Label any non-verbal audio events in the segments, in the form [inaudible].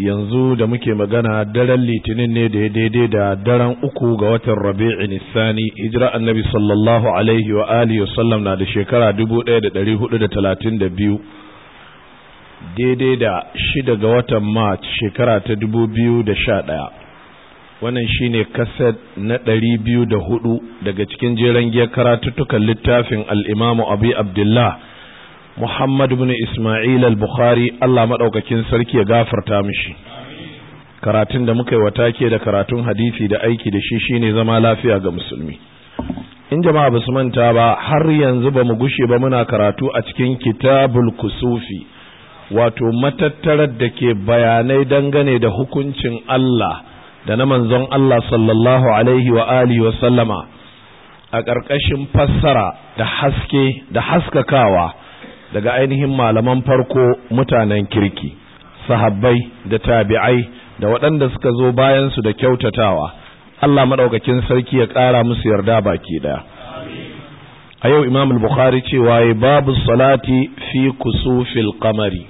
yanzu da muke magana daren litinin ne da ya daidai da daren uku ga watan rabi'i nisani hijira annabi sallallahu alaihi wa alihi wasallam na da shekara 1432 daidai da shida ga watan march shekara ta 2011 wannan shine kaset na da 204 daga cikin jeren giyar karatuttukan littafin al'imamu abi abdullah Muhammad bin Ismail al-Bukhari Allah madaukakin sarki ya gafarta mishi karatun da muka yi wata ke da karatun hadisi da aiki da shi shine zama lafiya ga musulmi in jama'a basu manta ba har yanzu ba mu gushe ba muna karatu a cikin kitabul kusufi wato matattarar da ke bayanai dangane da hukuncin Allah da na manzon Allah sallallahu alaihi wa alihi wa sallama a ƙarƙashin fassara da haske da haskakawa daga ainihin malaman farko mutanen kirki sahabbai da tabi'ai da waɗanda suka zo bayan su da kyautatawa Allah madaukakin sarki ya ƙara musu yarda baki ɗaya a yau imam al-bukhari cewa ya babu salati fi kusufil kamari.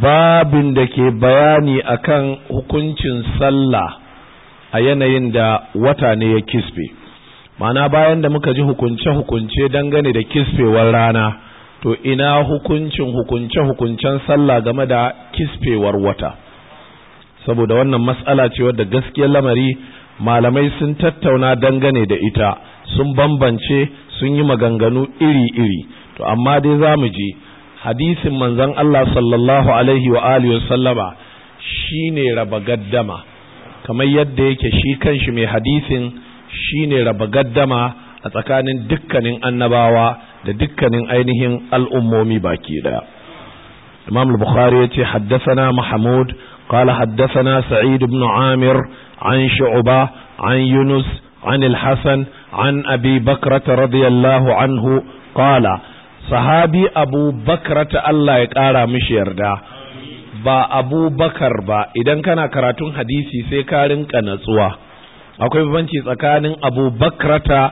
babin da ke bayani akan hukuncin sallah a yanayin da wata ne ya kisbe ma'ana bayan da muka ji hukunce-hukunce dangane da kisfewar rana to ina hukuncin hukunce hukuncen sallah game da kisfewar wata saboda wannan matsala ce wadda gaskiyar lamari malamai sun tattauna dangane da ita sun bambance sun yi maganganu iri-iri to amma dai za mu je hadisin manzon Allah sallallahu alaihi wa alihi wa sallama shine raba gaddama kamar yadda yake shi kanshi mai hadisin shine raba gaddama a tsakanin dukkanin annabawa da dukkanin ainihin al'ummomi baki daya imam al-bukhari yace haddathana mahmud kala haddathana sa'id ibn amir an shu'ba an yunus an Ilhassan, an abi bakrata radiyallahu anhu kala sahabi abu bakrata Allah ya ƙara mishi yarda ba abu bakar ba idan kana karatun hadisi sai ka rinka natsuwa akwai banci tsakanin abu bakrata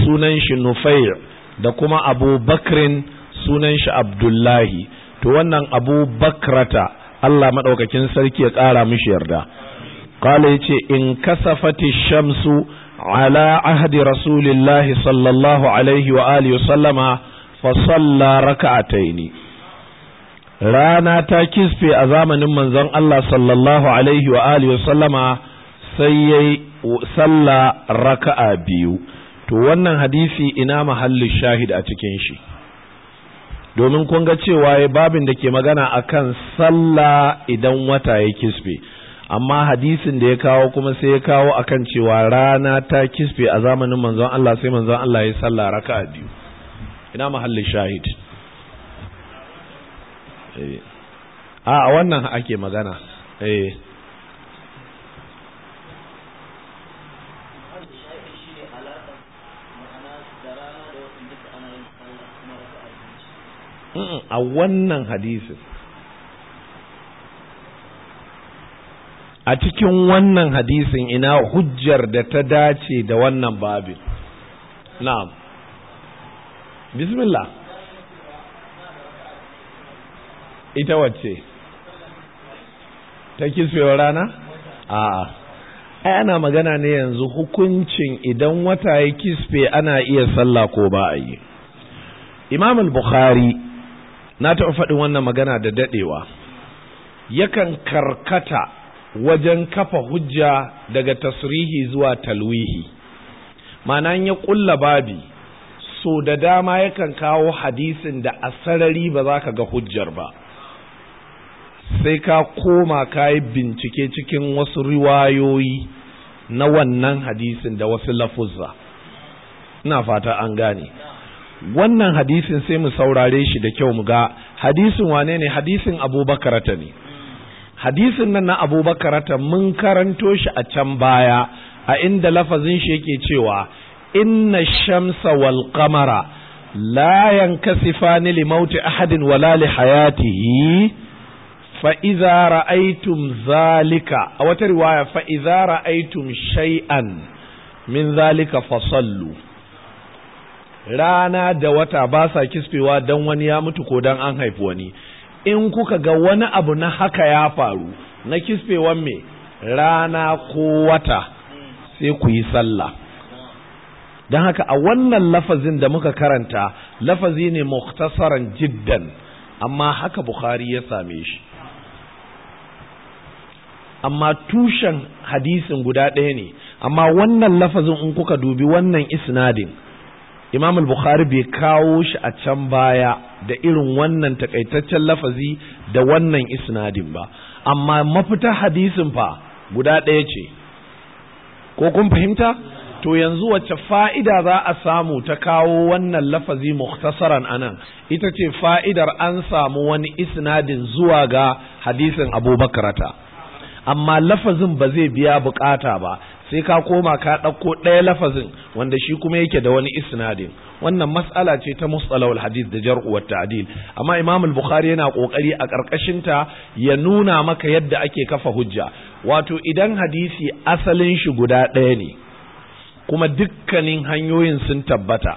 sunan shi nufai da kuma abu bakrin sunan shi abdullahi to wannan abu bakrata Allah maɗaukakin sarki ya ƙara mishi yarda kala yace, ce in kasafati shamsu ala ahdi rasulillahi sallallahu alaihi wa alihi sallama fa salla raka'ataini rana ta kisfe a zamanin manzon Allah sallallahu alaihi wa alihi sallama sai yayi salla raka'a biyu to wannan hadisi ina mahallin shahid a cikin shi domin kun ga cewa ya babin da ke magana akan sallah idan wata ya kisbe amma hadisin da ya kawo kuma sai ya kawo akan cewa rana ta kisbe a zamanin manzon Allah sai manzon Allah ya sallah raka'a biyu ina mahallin shahid eh. a wannan ake magana eh a wannan hadisin a cikin wannan hadisin ina hujjar da ta dace da wannan babin na'am bismillah ita wacce ta kiswewa rana a ai ana magana ne yanzu hukuncin idan wata ya kisfe ana iya sallah ko ba a yi imamul bukhari na taɓa faɗin wannan magana da daɗewa yakan karkata wajen kafa hujja daga tasrihi zuwa talwihi ma'ana ya ƙulla babi so da dama yakan kawo hadisin da a sarari ba za ka ga hujjar ba sai ka koma ka yi bincike cikin wasu riwayoyi na wannan hadisin da wasu lafuzza ina fata an gane wannan hadisin sai mu saurare shi da kyau mu ga hadisin wane ne hadisin abubakarata ne hadisin nan na abubakarata mun karanto shi a can baya a inda lafazin shi yake cewa inna shamsa wal qamara la yankasifani li mauti ahadin wala li hayatihi fa idza ra'aytum zalika a wata riwaya fa idza ra'aytum shay'an min zalika fasallu rana da wata ba sa kisfewa don wani ya mutu ko don an haifi wani in kuka ga wani abu na haka ya faru na kisfewan me rana ko wata sai ku yi sallah don haka a wannan lafazin da muka karanta lafazi ne muktasaran jiddan amma haka bukhari ya same shi amma tushen hadisin guda ɗaya ne amma wannan lafazin in kuka dubi wannan isnadin imam al-bukhari bai kawo shi a can baya da irin wannan takaitaccen lafazi da wannan isnadin ba amma mafita hadisin fa guda ɗaya ce ko kun fahimta to yanzu wacce fa'ida za a samu ta kawo wannan lafazi a anan ita ce fa'idar an samu wani isnadin zuwa ga hadisin abubakarata amma lafazin ba zai biya bukata ba sai ka koma ka ɗauko ɗaya lafazin wanda shi kuma yake da wani isnadin wannan mas'ala ce ta mustalahul hadith da jar'u wa ta'dil amma imam al-bukhari yana kokari a karkashin ta ya nuna maka yadda ake kafa hujja wato idan hadisi asalin shi guda ɗaya ne kuma dukkanin hanyoyin sun tabbata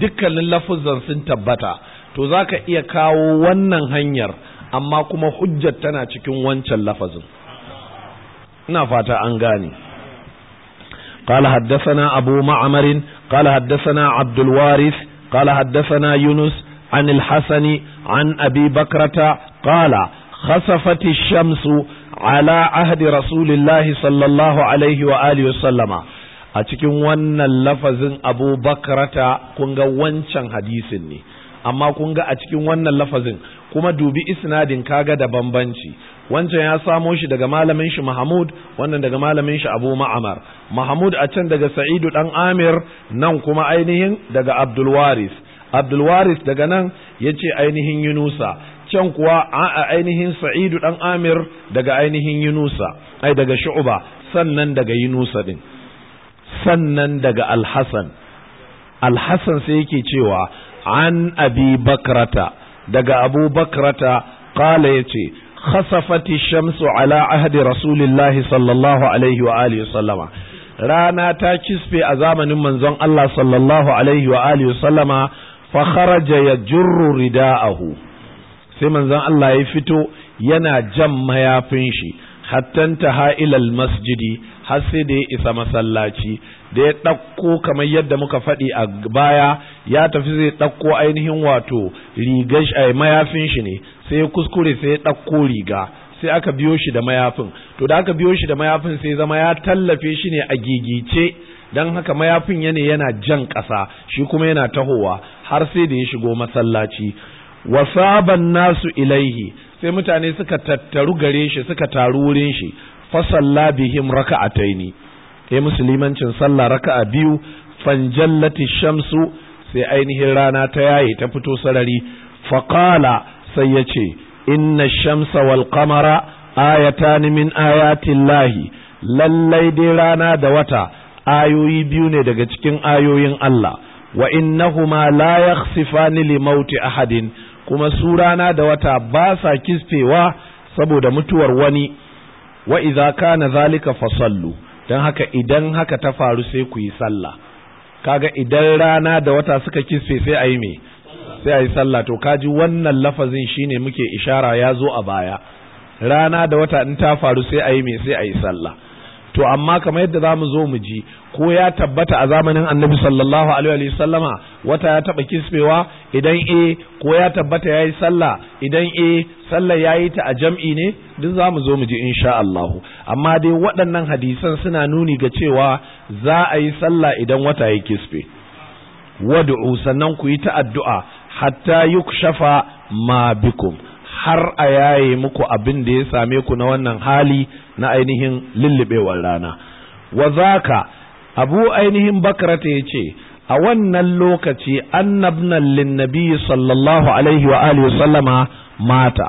dukkanin lafuzan sun tabbata to zaka iya kawo wannan hanyar amma kuma hujjar tana cikin wancan lafazin ina fata an gane قال حدثنا أبو معمر قال حدثنا عبد الوارث قال حدثنا يونس عن الحسن عن أبي بكرة قال خسفت الشمس على عهد رسول الله صلى الله عليه وآله وسلم a cikin wannan lafazin abu bakrata kun ga wancan hadisin ne amma kun ga a cikin wannan lafazin kuma dubi isnadin kaga da bambanci wancan ya samo shi daga malamin shi Mahmud wannan daga malamin shi Abu Ma'amar Mahmud a can daga Sa'idu dan Amir nan kuma ainihin daga Abdul Waris Abdul Waris daga nan yace ainihin Yunusa can kuwa a ainihin Sa'idu dan Amir daga ainihin Yunusa ai daga Shu'ba sannan daga Yunusa din sannan daga Al-Hasan Al-Hasan sai yake cewa an Abi Bakrata daga Abu Bakrata qala yace khasafati shamsu ala ahdi rasulillahi sallallahu alaihi wa alihi sallama rana ta kisfe a zamanin manzon Allah sallallahu alaihi wa alihi sallama fa kharaja yajurru rida'ahu sai manzon Allah ya fito yana jan mayafin shi hattanta ha ilal masjidi har sai da ya isa masallaci da ya ɗauko kamar yadda muka faɗi a baya ya tafi zai ɗauko ainihin wato rigar mayafin shi ne sai kuskure sai ya ɗauko riga sai aka biyo shi da mayafin to da aka biyo shi da mayafin sai zama ya tallafe shi ne a gigice don haka mayafin yane yana jan ƙasa shi kuma yana tahowa har sai da ya shigo masallaci wasaban nasu ilaihi sai mutane suka tattaru gare shi suka taru wurin shi fasalla bihim raka'ataini sai musulmancin sallah raka'a biyu fanjallati shamsu sai ainihin rana ta yaye ta fito sarari faqala sai ya ce inna shamsa wal ayata ni min lahi lallai dai rana da wata ayoyi biyu ne daga cikin ayoyin Allah wa innahuma la yakhsifani li mauti ahadin kuma su rana da wata ba sa kispewa saboda mutuwar wani wa idza kana zalika fasallu dan haka idan haka ta faru sai ku yi sallah kaga idan rana da wata suka kisfe sai a yi me sai a yi sallah to kaji wannan lafazin shine muke ishara ya zo a baya rana da wata in ta faru sai a yi mai sai a yi sallah to amma kamar yadda za mu zo mu ji ko ya tabbata a zamanin annabi sallallahu alaihi wa sallama wata ya taba kisbewa idan e ko ya tabbata ya yi sallah idan e sallah ya yi ta a jam'i ne duk za mu zo mu ji insha Allah amma dai waɗannan hadisan suna nuni ga cewa za a yi sallah idan wata ya kisbe wad'u sannan ku yi ta addu'a hatta yukshafa ma bikum har a yaye muku abin da ya same ku na wannan hali na ainihin lullubewar rana wa zaka abu ainihin bakrata ya ce a wannan lokaci annabnan linnabi sallallahu alaihi wa alihi sallama mata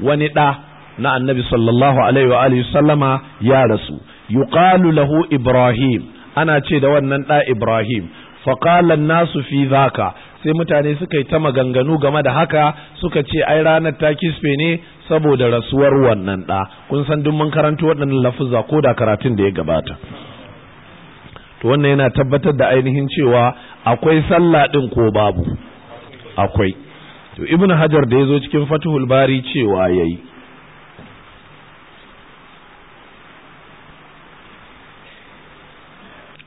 wani ɗa na annabi sallallahu alaihi wa alihi sallama ya rasu yuqalu lahu ibrahim ana ce da wannan ɗa ibrahim faƙalan nasu fi zaka sai mutane suka yi ta maganganu game da haka suka ce ai ranar ta kisfe ne saboda rasuwar wannan ɗa kun san duk mun waɗannan lafuza ko da karatun da ya gabata to wannan yana tabbatar da ainihin cewa akwai sallah ɗin ko babu akwai to ibnu hajar da ya zo cikin fatuhul bari cewa yayi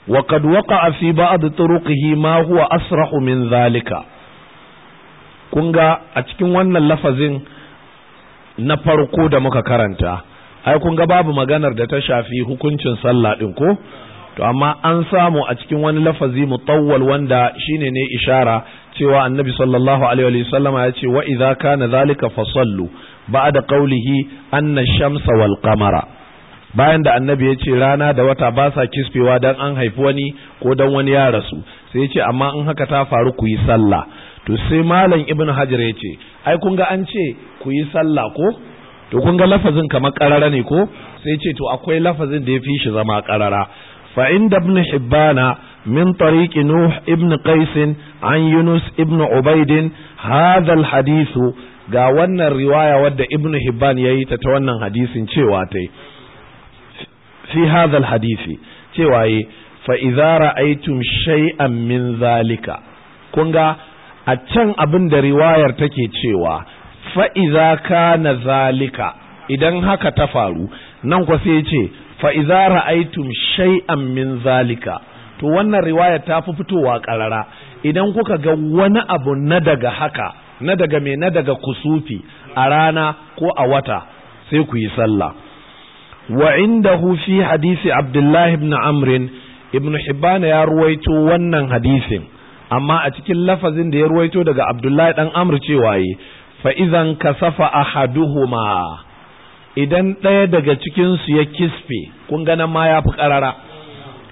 wa qad waqa'a da ba'd turuqihi ma huwa asrahu zalika Kunga a cikin wannan lafazin na farko da muka karanta ai kunga babu maganar da ta shafi hukuncin sallah din ko to amma an samu a cikin wani lafazi mu mutawwal wanda shine ne ishara cewa annabi sallallahu alaihi wa sallama ya ce wa idza kana zalika fasallu Ba'a da qawlihi anna ash-shamsa wal bayan da annabi ya ce rana da wata ba sa kispewa don an haifi wani ko don wani ya rasu sai ya ce amma in haka ta faru ku yi sallah to sai malam ibn hajar ya ce ai kun ga an ce ku yi sallah ko to kun ga lafazin kamar karara ne ko sai ce to akwai lafazin da ya fi shi zama karara fa inda ibn hibbana min tariqi nuh ibn qais an yunus ibn ubaidin hadha al ga wannan riwaya wadda ibn hibban yayi ta ta wannan hadisin cewa tai fi hadhal hadisi cewa yi fa idza ra'aytum shay'an min zalika kun ga a can abin da riwayar take cewa fa idza kana zalika idan haka ta faru nan kwa sai ce fa idza ra'aytum shay'an min zalika to wannan riwayar ta fi fitowa karara idan kuka ga wani abu na daga haka na daga me na daga kusufi a rana ko a wata sai ku yi sallah Wa'inda hufi hadisi abdullahi ibn amrin ibn hibbana ya ruwaito wannan hadisin amma a cikin lafazin da ya ruwaito daga abdullahi dan amr cewa yi fa idan kasafa ahaduhuma idan ɗaya daga cikin su ya kisfe kun ga nan ma ya fi karara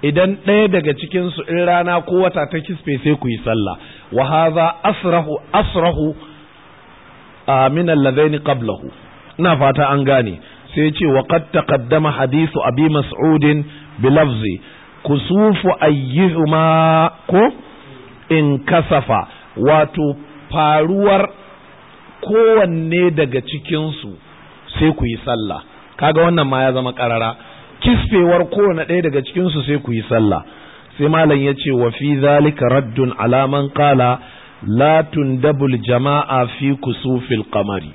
idan ɗaya daga cikin su in rana ko wata ta kisfe sai ku yi sallah wa hadha asrahu asrahu min alladhaini qablahu ina fata an gane sai ce wa qad taqaddama hadithu abi mas'udin bi lafzi kusufu ayyuhuma ko in kasafa wato faruwar kowanne daga cikinsu sai ku yi sallah kaga wannan ma ya zama karara kisfewar kowanne ɗaya daga cikinsu sai ku yi sallah sai malam ya ce wa fi zalika raddun alaman qala la tundabul jama'a fi kusufil qamari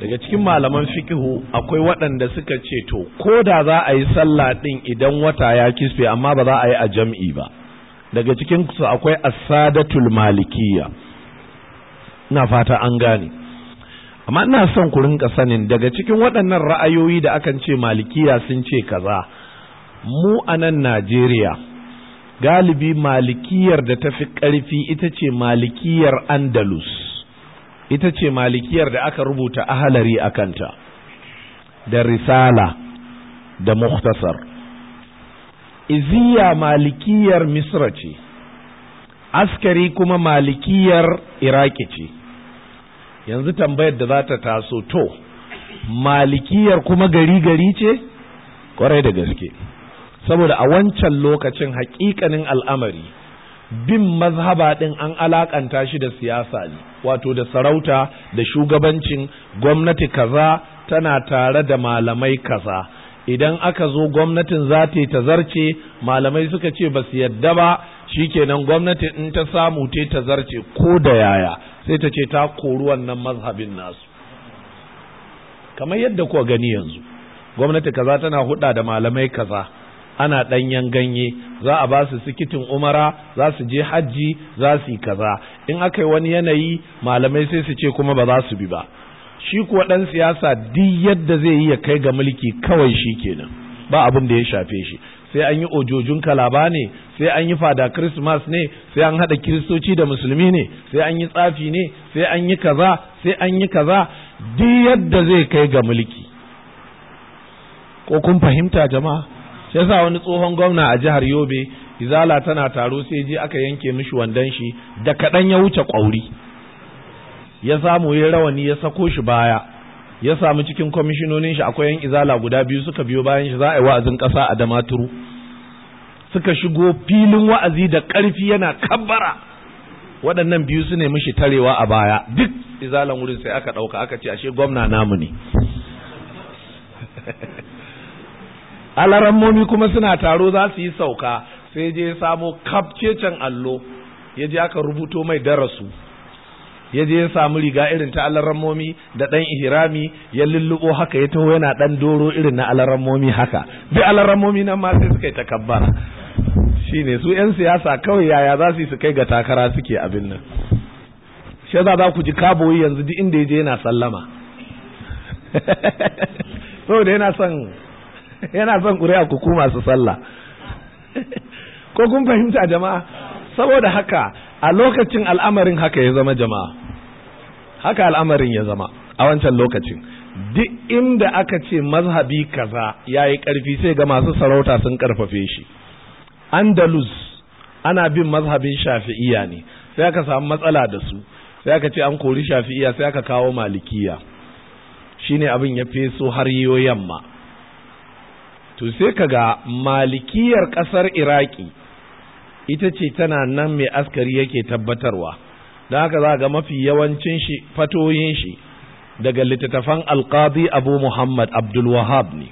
daga cikin malaman fikihu akwai waɗanda suka ce to ko da za a yi sallah ɗin idan wata ya kisfe amma ba za a yi a jam'i ba daga cikin su akwai asadatul malikiya ina fata an gane amma ina son ku rinka sanin daga cikin waɗannan ra'ayoyi da akan ce malikiya sun ce kaza mu a nan Najeriya galibi malikiyar da ta fi ƙarfi ita ce malikiyar Andalus ita ce malikiyar da aka rubuta ahalari a kanta da risala da muhtasar iziya malikiyar misra ce askari kuma malikiyar iraki ce yanzu tambayar da za ta taso to malikiyar kuma gari gari ce kwarai da gaske saboda a wancan lokacin haƙiƙanin al'amari bin mazhaba ɗin an alakanta shi da siyasa ne wato da sarauta da shugabancin gwamnati kaza tana tare da malamai kaza idan aka zo gwamnatin za ta yi zarce malamai suka ce ba su yadda ba kenan gwamnati in ta samu ta ta zarce ko da yaya sai ta ce ta kori wannan mazhabin nasu kamar yadda kuwa gani yanzu gwamnati kaza tana huɗa da malamai kaza ana ɗanyen ganye za a ba su sikitin umara za su je hajji za su yi kaza in aka yi wani yanayi malamai sai su ce kuma ba za su bi ba shi kuwa ɗan siyasa duk yadda zai yi ya kai ga mulki kawai shi kenan ba abin da ya shafe shi sai an yi ojojin kalaba ne sai an yi fada christmas ne sai an haɗa kiristoci da musulmi ne sai an yi tsafi ne sai an yi kaza sai an yi kaza duk yadda zai kai ga mulki ko kun fahimta jama'a shi yasa wani tsohon gwamna a jihar Yobe izala tana taro sai je aka yanke mishi wandon shi da kaɗan ya wuce kwauri ya samu ya rawani ya sako shi baya ya samu cikin kwamishinonin shi akwai yan izala guda biyu suka biyo bayan shi za a yi wa'azin ƙasa a damaturu suka shigo filin wa'azi da ƙarfi yana kabbara waɗannan biyu su ne mishi tarewa a baya duk izalan wurin sai aka ɗauka aka ce ashe gwamna namu ne [laughs] alarammomi kuma suna taro za su yi sauka sai je samo kafcecen allo ya je aka rubuto mai darasu ya je ya samu riga irin ta alarammomi da ɗan Ihirami ya lullubo haka ya taho yana ɗan doro irin na alarammomi haka bi alarammomi nan ma sai suka yi takabbara ne su 'yan siyasa kawai yaya za su yi su kai ga takara suke abin nan shi za za ku ji kaboyi yanzu duk inda ya je yana sallama [laughs] saboda yana son [laughs] yana son ƙuri'a ku ku masu sallah ko kun fahimta jama'a saboda haka a lokacin al'amarin haka ya zama jama'a haka al'amarin ya zama a wancan lokacin duk inda aka ce mazhabi kaza ya yi ƙarfi sai ga masu sarauta sun ƙarfafe shi andalus ana bin mazhabin shafi'iya ne sai aka samu matsala da su sai aka ce an kori shafi'iya sai aka kawo malikiya shine abin ya feso har yiwo yamma to sai ka ga malikiyar ƙasar iraki ita ce tana nan mai askari yake tabbatarwa don haka za ga mafi yawancin shi fatoyin shi daga littattafan alkazi abu muhammad abdulwahab ne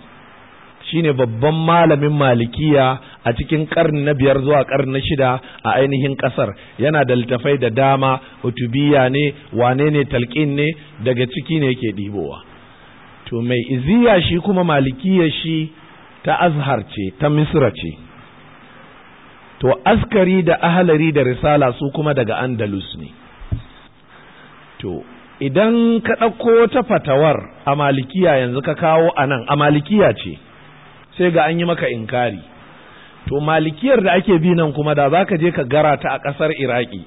Shi ne babban malamin malikiya a cikin karni na biyar zuwa karni na shida a ainihin ƙasar, yana da littafai da dama hutubiya ne wane ne talqin ne daga ciki ne yake ɗibowa to mai iziya shi kuma malikiya shi ta azhar ce ta misra ce to askari da ahalari da risala su kuma daga andalus ne to idan ka ɗauko ta fatawar a malikiya yanzu ka kawo a nan a malikiya ce sai ga an yi maka inkari to malikiyar da ake bi nan kuma da za ka je ka gara ta a ƙasar iraki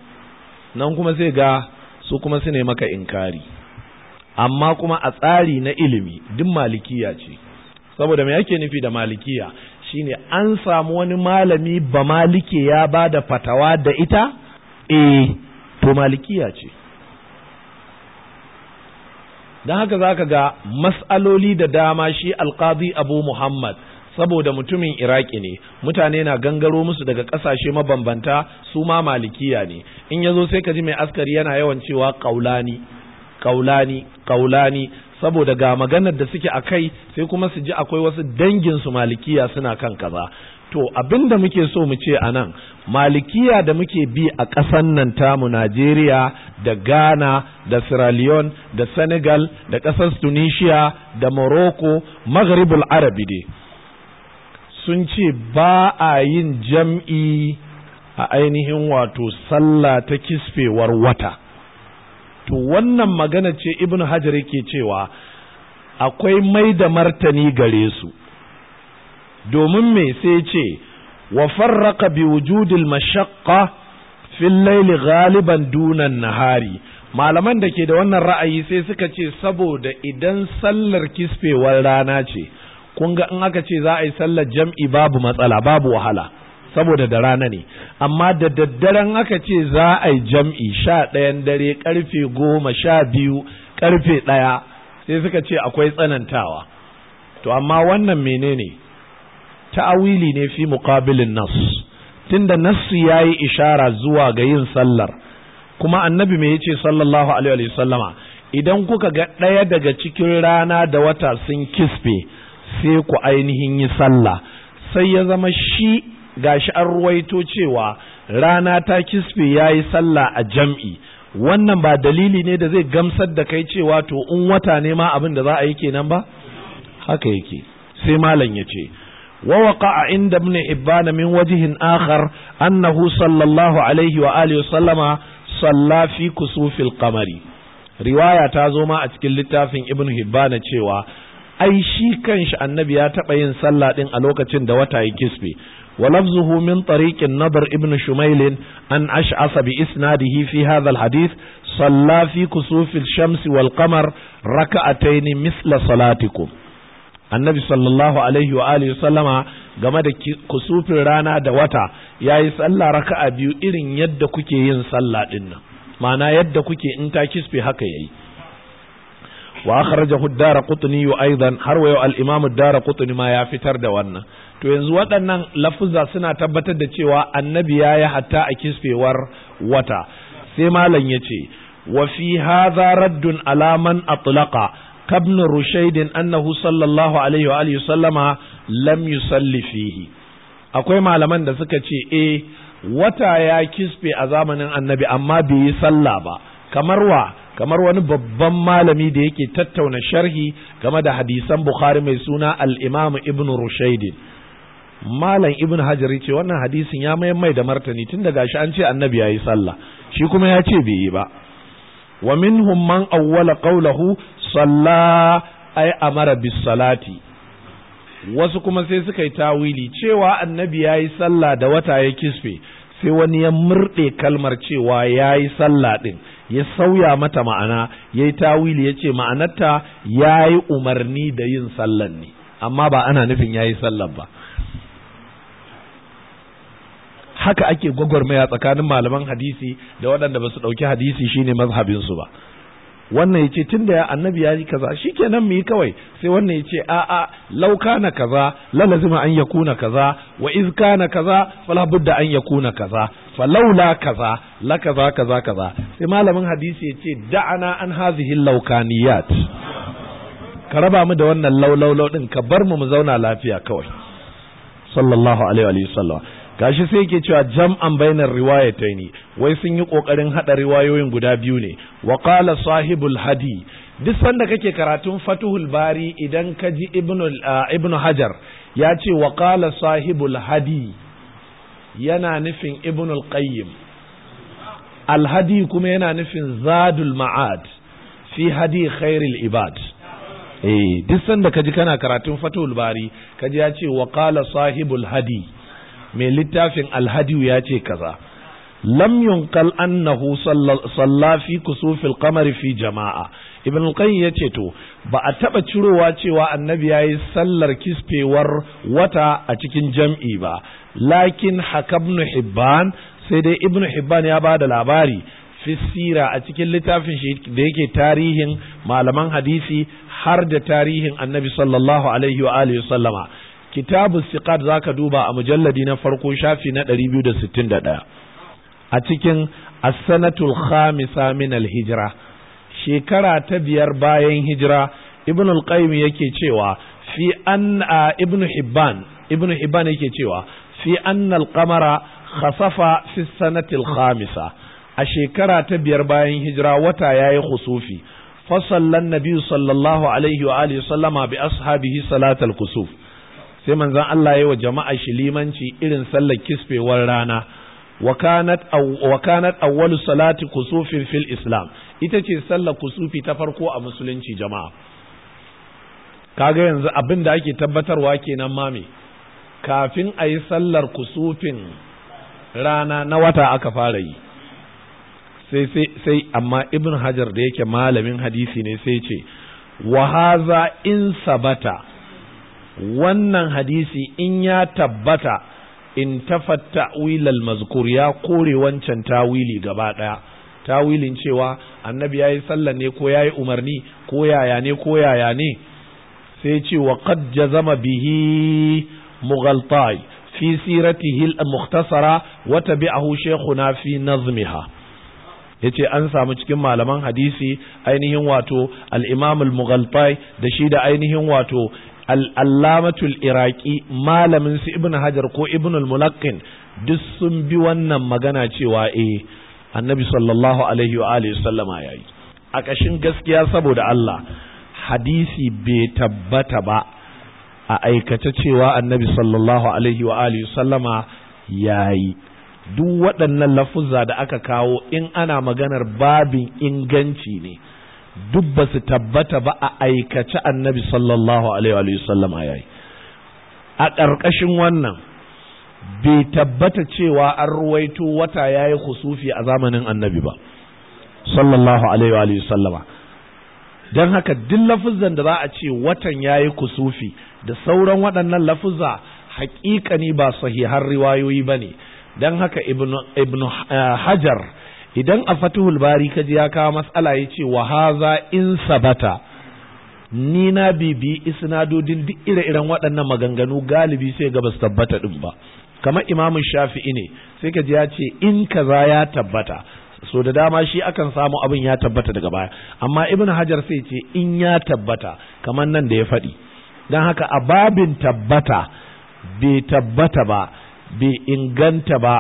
nan kuma sai ga su kuma su ne maka inkari amma kuma a tsari na ilimi duk malikiya ce saboda me yake nufi da malikiya shine an samu wani malami ba malike ya ba da fatawa da ita eh to malikiya ce don haka za ka ga mas'aloli da dama shi alkazi abu muhammad saboda mutumin iraki ne mutane na gangaro musu daga kasashe mabambanta su ma malikiya ne in ya zo sai ka ji mai askari yana yawan cewa kaulani kaulani kaulani saboda ga maganar da suke a kai sai kuma su ji akwai wasu dangin su malikiya suna kan kaza to abinda muke so mu ce a nan malikiya da muke bi a ƙasan nan tamu Najeriya da Ghana da Sierra Leone da Senegal da ƙasar Tunisia da Morocco Maghribul Arabi dai sun ce ba a yin jam'i a ainihin wato sallah ta kisfewar wata to wannan magana ce ibn hajar yake cewa akwai mai da martani gare su domin me sai ce wa farraqa bi wujudil mashaqqa fil layli ghaliban dunan nahari malaman da ke da wannan ra'ayi sai suka ce saboda idan sallar kisfewar rana ce kun ga in aka ce za a yi sallar jam'i babu matsala babu wahala saboda da rana ne amma da daddaren aka ce za a yi jam'i sha ɗayan dare karfe goma sha biyu karfe ɗaya sai suka ce akwai tsanantawa to amma wannan menene ta'awili ne fi muqabilin nas tunda nassu yi ishara zuwa ga yin sallar kuma annabi me yace sallallahu alaihi wa sallama idan kuka ga ɗaya daga cikin rana da wata sun kisbe sai ku ainihin yi sallah sai ya zama shi gashi an ruwaito cewa rana ta kisfe yi sallah a jam'i wannan ba dalili ne da zai gamsar da kai cewa to in wata ne ma abin da za a yi kenan ba haka yake sai malam ya ce wa waqa'a inda ibn Ibana min wajhin akhar annahu sallallahu alaihi wa alihi sallama salla fi kusufil kamari. riwaya ta zo ma a cikin littafin ibn Ibana cewa ai shi kanshi annabi ya taba yin sallah din a lokacin da wata ya kisbe ولفظه من طريق النضر ابن شميل أن أشعث بإسناده في هذا الحديث صلى في كسوف الشمس والقمر ركعتين مثل صلاتكم annabi sallallahu alaihi wa alihi game da kusufin rana da wata ya yi sallah raka'a biyu irin yadda kuke yin sallah din nan ma'ana yadda kuke in ta kisfe haka yayi wa akhrajahu kutuni darqutni aidan har wa al-imam ad ma ya fitar da wannan to yanzu waɗannan lafuza suna tabbatar da cewa annabi ya yi hatta a kisfewar wata sai malam ya ce wa fi hadha raddun alaman atlaqa kabn rushaidin annahu sallallahu alaihi wa alihi sallama lam yusalli fihi akwai malaman da suka ce eh wata ya kisfe a zamanin annabi amma bai yi sallah ba kamar wa kamar wani babban malami da yake tattauna sharhi game da hadisan bukhari mai suna al-imam ibn rushaidin malam ibn hajar ce wannan hadisin ya mayan mai da martani tun da gashi an ce annabi ya yi sallah shi kuma ya ce bai yi ba wa min humman awwala qawluhu salla ay amara bis salati wasu kuma sai suka yi tawili cewa annabi ya yi sallah da wata ya kisfe sai wani ya murde kalmar cewa ya yi sallah din ya sauya mata ma'ana ya yi tawili ya ce ma'anarta ya yi umarni da yin sallan ne amma ba ana nufin ya yi sallah ba haka ake gwagwarmaya tsakanin malaman hadisi da waɗanda ba su ɗauki hadisi shine mazhabinsu ba wannan ya ce tun da annabi ya yi kaza shi kenan mu yi kawai sai wannan ya ce a'a lauka na kaza la an an kuna kaza wa na na kaza fala budda an kuna kaza falaula kaza la kaza kaza kaza sai malamin hadisi ya ce da'ana an hazihin laukaniyat ka raba mu da wannan laulau din ka bar mu mu zauna lafiya kawai sallallahu alaihi wa sallam gashi sai yake cewa jam'an bainar ne wai sun yi kokarin hada riwayoyin guda biyu ne wa qala sahibul hadi duk sanda kake karatun fatuhul bari idan ka ji ibnu ibnu hajar ya ce wa qala sahibul hadi yana nufin ibnu qayyim al hadi kuma yana nufin zadul ma'ad fi hadi khairil ibad eh duk sanda kaji kana karatun fatuhul bari kaji ya ce wa qala sahibul hadi mai littafin alhadiyu ya ce kaza lam yunqal annahu salla fi kusufil qamari fi jama'a ibn al-qayyim yace to ba a taba cirowa cewa annabi yayi sallar kisfewar wata a cikin jam'i ba lakin hakabnu hibban sai dai ibn hibban ya bada labari fissira, a cikin littafin shi da yake tarihin malaman hadisi har da tarihin annabi sallallahu alaihi wa alihi sallama kitabu za ka duba a mujalladi na farko shafi na 261 a cikin as-sanatul khamisa min al-hijra shekara ta biyar bayan hijira ibn al-qayyim yake cewa fi an ibn hibban ibn hibban yake cewa fi anna al-qamara khasafa fi sanatil khamisa a shekara ta biyar bayan hijira wata yayi khusufi fa sallan nabiyyu sallallahu alaihi wa alihi sallama bi ashabihi salatal kusuf sai manzon Allah ya wa jama'a shi limanci irin sallar kisfewar rana wa kanat wa kanat awwalu salati kusufin fil islam ita ce sallar kusufi ta farko a musulunci jama'a kaga yanzu abin da ake tabbatarwa kenan mami kafin a yi sallar kusufin rana na wata aka fara yi sai sai sai amma ibn hajar da yake malamin hadisi ne sai ce wa haza in sabata wannan hadisi in ya tabbata in tafat ta'wilal mazkur ya kore wancan tawili gaba daya tawilin cewa annabi yayi sallah ne ko yayi umarni ko yaya ne ko yaya ne sai ce wa qad jazama bihi mughaltai fi siratihi al-mukhtasara wa tabi'ahu shaykhuna fi nazmiha yace an samu cikin malaman hadisi ainihin wato al-imam al-mughaltai da shi da ainihin wato al'allamatul iraki malamin su ibn hajar ko ibn al-mulaqin duk sun bi wannan magana cewa eh annabi sallallahu alaihi wa alihi sallama yayi a ƙashin gaskiya saboda Allah hadisi bai tabbata ba a aikata cewa annabi sallallahu alaihi wa alihi sallama yayi duk waɗannan lafuzza da aka kawo in ana maganar babin inganci ne duk ba su tabbata ba a aikace annabi sallallahu alaihi wa sallam a yayi a ƙarƙashin wannan bai tabbata cewa an ruwaito wata yayi kusufi a zamanin annabi ba sallallahu alaihi wa sallama. don haka duk lafuzan da za a ce watan yayi kusufi da sauran waɗannan lafuzza haƙiƙani ba sahihan riwayoyi ba ne don haka ibnu eh, hajar idan a fatihul bari kaji ya kawo matsala ya ce wa haza in sabata ni na bibi isnadodin duk ire-iren waɗannan maganganu galibi sai ga basu tabbata din ba kamar imamun shafi'i ne sai kaji ya ce in kaza ya tabbata so da dama shi akan samu abin ya tabbata daga baya amma ibn hajar sai ce in ya tabbata kamar nan da ya faɗi don haka a babin tabbata bai tabbata ba bai inganta ba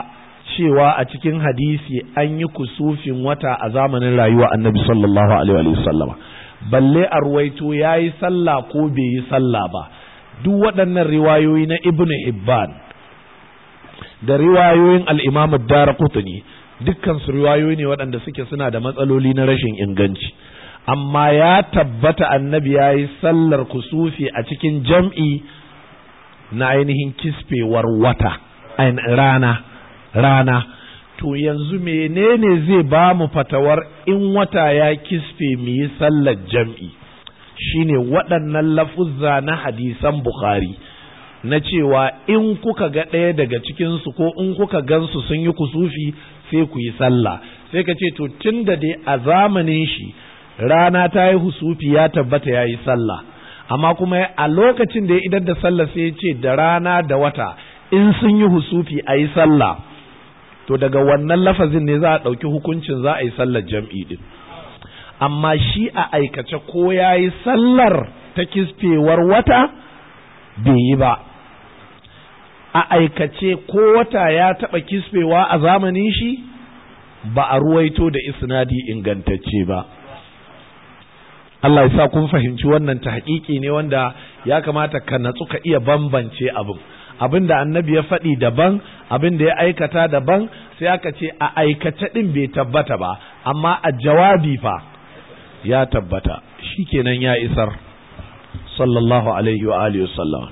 cewa a cikin hadisi an yi kusufin wata a zamanin rayuwa annabi sallallahu alaihi wa sallama balle arwaito ruwaito ya yi sallah ko bai yi sallah ba duk waɗannan riwayoyi na ibn hibban da riwayoyin al-imam ad dukkan su riwayoyi ne waɗanda suke suna da matsaloli na rashin inganci amma ya tabbata annabi ya yi sallar kusufi a cikin jam'i na ainihin kisfewar wata rana rana to yanzu menene zai ba mu fatawar in wata ya kisfe mu yi sallar jam'i shine waɗannan lafuzza na hadisan bukhari na cewa in kuka ga ɗaya daga cikinsu ko in kuka gansu sun yi kusufi sai ku yi sallah sai ka ce to tun da dai a zamanin shi rana ta yi husufi ya tabbata ya yi sallah amma kuma a lokacin da ya idar da sallah sai ya ce da rana da wata in sun yi husufi a yi sallah to daga wannan lafazin ne za a ɗauki hukuncin za a yi sallar jam'i ɗin amma shi a aikace ko ya yi sallar ta kisfewar wata bai yi ba a aikace ko wata ya taɓa kisfewa a zamanin shi ba a ruwaito da isnadi ingantacce ba Allah ya sa kun fahimci wannan ta ne wanda ya kamata ka natsu ka iya bambance abin abin da annabi ya faɗi daban abin da ya aikata daban sai aka ce a aikace ɗin bai tabbata ba amma a jawabi fa ya tabbata Shi kenan ya isar sallallahu alaihi wa alihi wasallam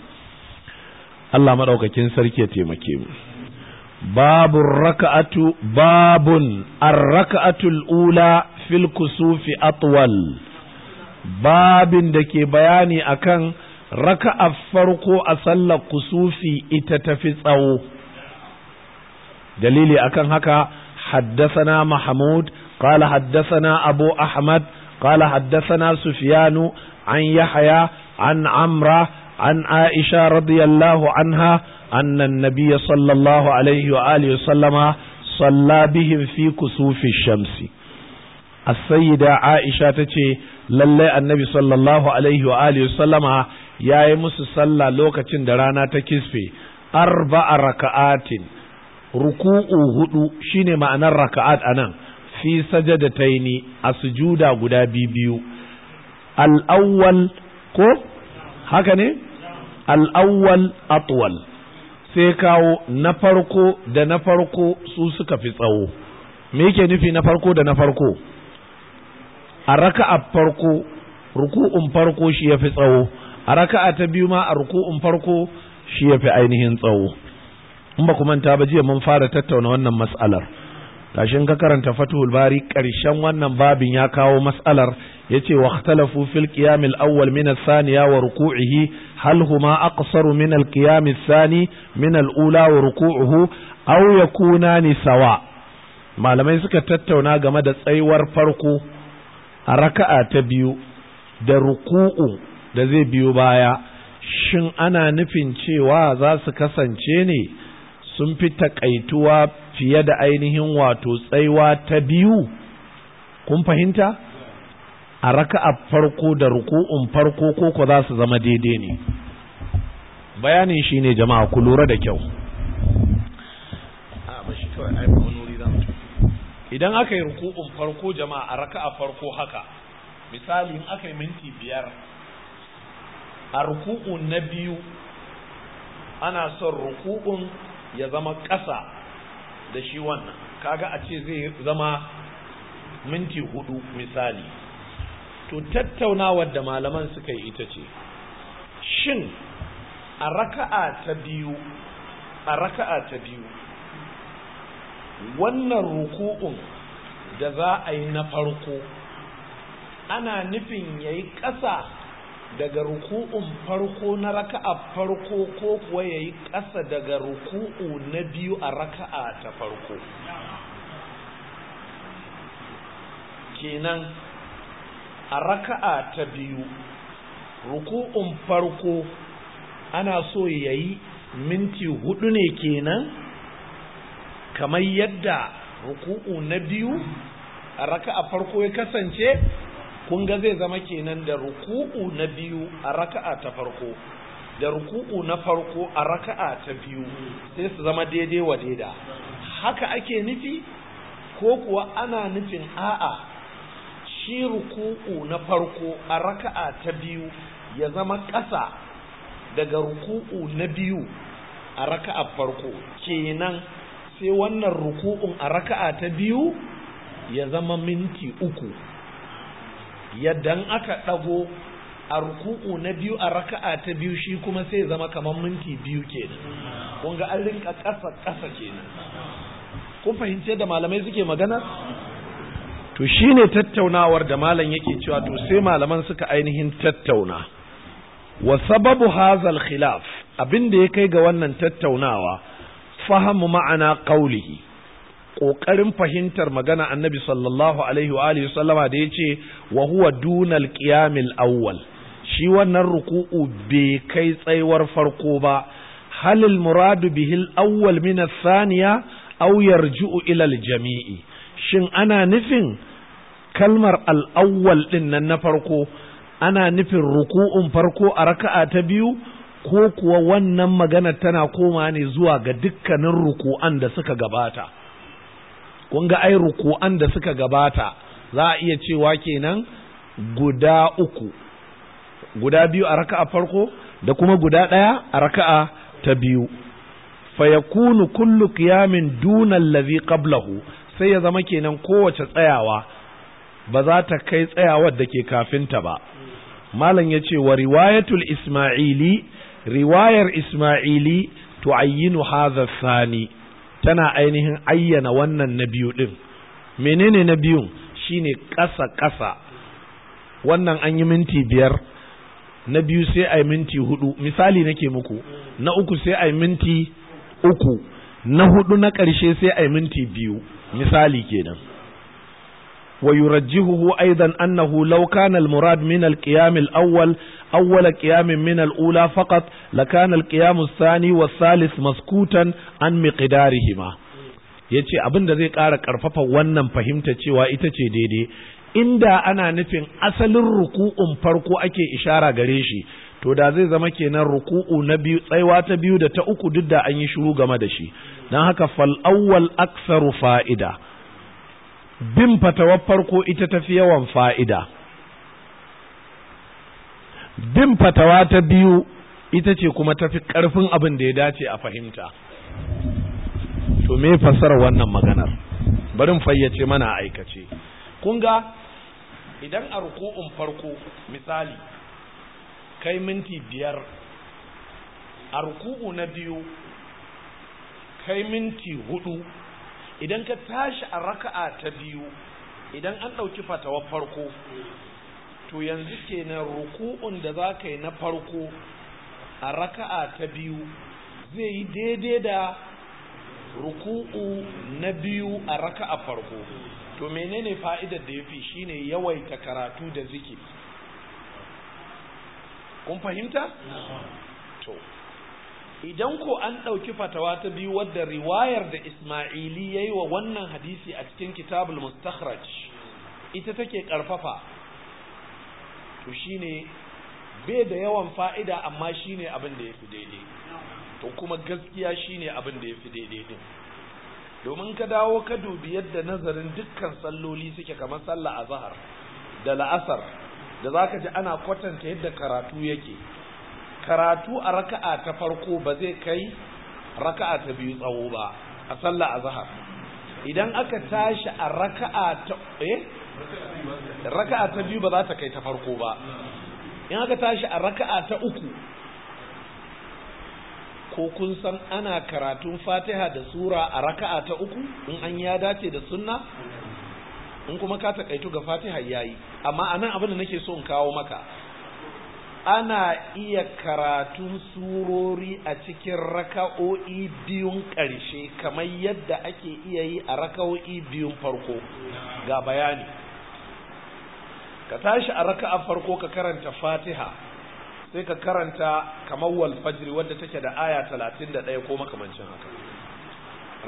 Allah madaukakin sarki ya taimake mu babu raka'atu babun ar-raka'atu ula fil kusufi atwal babin da ke bayani akan raka'a farko a sallar kusufi ita tafi tsawo dalili akan haka haddasana mahmud qala haddasana abu ahmad qala haddasana sufyanu an yahya an amra an aisha radiyallahu anha anna an-nabiy sallallahu alayhi wa alihi wa sallama salla bihim fi kusufi shamsi A sayyida aisha ta tace lalle annabi sallallahu alayhi wa alihi wa sallama ya yi musu sallah lokacin da rana ta kisfe arba'a raka'atin ruku'u hudu shine ma'anar raka'at anan fi taini a sujuda guda biyu al-awwal ko haka ne al atwal sai kawo na farko da na farko su suka fi tsawo me yake nufi na farko da na farko a raka'a farko ruku'un farko shi ya fi tsawo a raka'a ta biyu ma a ruku'un farko shi ya fi ainihin tsawo in ba ku manta ba jiya mun fara tattauna wannan mas'alar tashin ka karanta fatuhul bari ƙarshen wannan babin ya kawo mas'alar yace wa ikhtalafu fil qiyam awwal min al thaniya wa ruku'ihi hal huma aqsaru min al qiyam al thani min al ula wa ruku'uhu aw yakunani sawa malamai suka tattauna game da tsayuwar farko a raka'a ta biyu da ruku'u da zai biyo baya shin ana nufin cewa za su kasance ne sun fi takaituwa fiye da ainihin wato tsaiwa ta biyu kun fahimta a a farko da ruku'un farko ko ko za su zama daidai ne bayanin shi ne jama'a ku lura da kyau idan aka yi ruku'un farko jama'a a a farko haka misali in aka yi minti biyar a ruku'u na biyu ana son ruku'un ya zama ƙasa da shi wannan kaga a ce zai zama minti hudu misali to tattaunawar da malaman suka yi ita ce shin a raka'a ta biyu a raka'a ta biyu wannan ruku'un da za a yi na farko ana nufin ya yi ƙasa daga ruku'un farko na raka'a farko ko kuwa ya yi ƙasa daga ruku'u na biyu a raka'a ta farko kenan a raka'a ta biyu ruku'un farko ana so ya yi minti hudu ne kenan kamar yadda ruku'u na biyu a raka'a farko ya kasance kun ga zai zama kenan da ruku'u na biyu a raka'a ta farko da ruku'u na farko a raka'a ta biyu sai su zama daidai wa daida haka ake nufi ko kuwa ana nufin a'a shi ruku'u na farko a raka'a ta biyu ya zama ƙasa daga ruku'u na biyu a raka'a farko kenan sai wannan ruku'un a raka'a ta biyu ya zama minti uku yadda aka ɗago a ruku'u na biyu a raka'a ta biyu shi kuma sai zama kamar minti biyu kenan kun ga an rinka ƙasa ƙasa kenan kun fahimci da malamai suke magana to shine tattaunawar da malam yake cewa to sai malaman suka ainihin tattauna wa sababu hazal khilaf abinda da ya kai ga wannan tattaunawa fahimu ma'ana qaulihi ƙoƙarin fahimtar magana annabi sallallahu alaihi wa alihi sallama da ya ce wa huwa dunal qiyamil awwal shi wannan ruku'u bai kai tsayuwar farko ba halil muradu bihil awwal min Saniya, aw ju'u ila jami'i shin ana nufin kalmar al-awwal din nan na farko ana nufin ruku'un farko a raka'a ta biyu ko kuwa wannan magana tana koma ne zuwa ga dukkanin ruku'an da suka gabata kun ga ai ruku'an da suka gabata za a iya cewa kenan guda uku guda biyu a raka'a farko da kuma guda ɗaya a raka'a ta biyu fa yakunu kullu qiyamin duna allazi qablahu sai ya zama kenan kowace tsayawa ba za ta kai tsayawar da ke kafinta ba malam ya ce wa riwayatul isma'ili riwayar isma'ili tu'ayyinu hadha thani tana ainihin ayyana wannan na biyu ɗin menene na biyun shine ƙasa ƙasa wannan an yi minti biyar na biyu sai a yi minti hudu misali nake muku na uku sai a yi minti uku na hudu na ƙarshe sai a yi minti biyu misali kenan ويرجهه أيضا أنه لو كان المراد من القيام الأول أول قيام من الأولى فقط لكان القيام الثاني والثالث مسكوتا عن مقدارهما yace abin da zai ƙara ƙarfafa wannan fahimta cewa ita ce daidai inda ana nufin asalin ruku'un farko ake ishara gare shi to da zai zama kenan ruku'u na biyu tsaiwa ta biyu da ta uku duk da an yi shiru game da shi don haka fal awwal aksaru fa'ida bin fatawar farko ita ta fi yawan fa'ida bin fatawa ta biyu ita ce kuma ta fi ƙarfin abin da ya dace a fahimta to me fasarar wannan maganar barin fayyace mana aikace kunga idan a ruku'un farko misali kai minti biyar a ruku'u na biyu kai minti hudu idan ka tashi a raka'a ta biyu idan an ɗauki fatawa farko to yanzu kenan ruku'un da za ka yi na farko a raka'a ta biyu zai yi daidai da ruku'u na biyu a raka'a farko to menene fa'idar da ya fi shine yawaita karatu da zikir kun fahimta? to idan ko an ɗauki fatawa ta biyu wadda riwayar da Ismaili ya yi wa wannan hadisi a cikin kitabul mustakhraj ita take ƙarfafa to shine bai da yawan fa'ida amma shine abin da ya fi daidai to kuma gaskiya shine abin da ya fi daidai din domin ka dawo ka dubi yadda nazarin dukkan salloli suke kamar sallah azhar da la'asar da zaka ji ana kwatanta yadda karatu yake karatu a raka'a ta farko ba zai kai raka'a ta biyu tsawo ba a sallah azhar idan aka tashi a raka'a ta eh raka'a ta biyu ba za ta kai ta farko ba in aka tashi a raka'a ta uku ko kun san ana karatun fatiha da sura a raka'a ta uku in an ya dace da sunna in kuma ka taƙaitu ga fatiha yayi amma anan abin da nake so in kawo maka ana iya karatun surori a cikin raka'o'i biyun ƙarshe kamar yadda ake iya yi a raka'o'i biyun farko ga bayani ka tashi a raka'a farko ka karanta fatiha sai ka karanta kamar wal fajr wadda take da aya 31 ko makamancin haka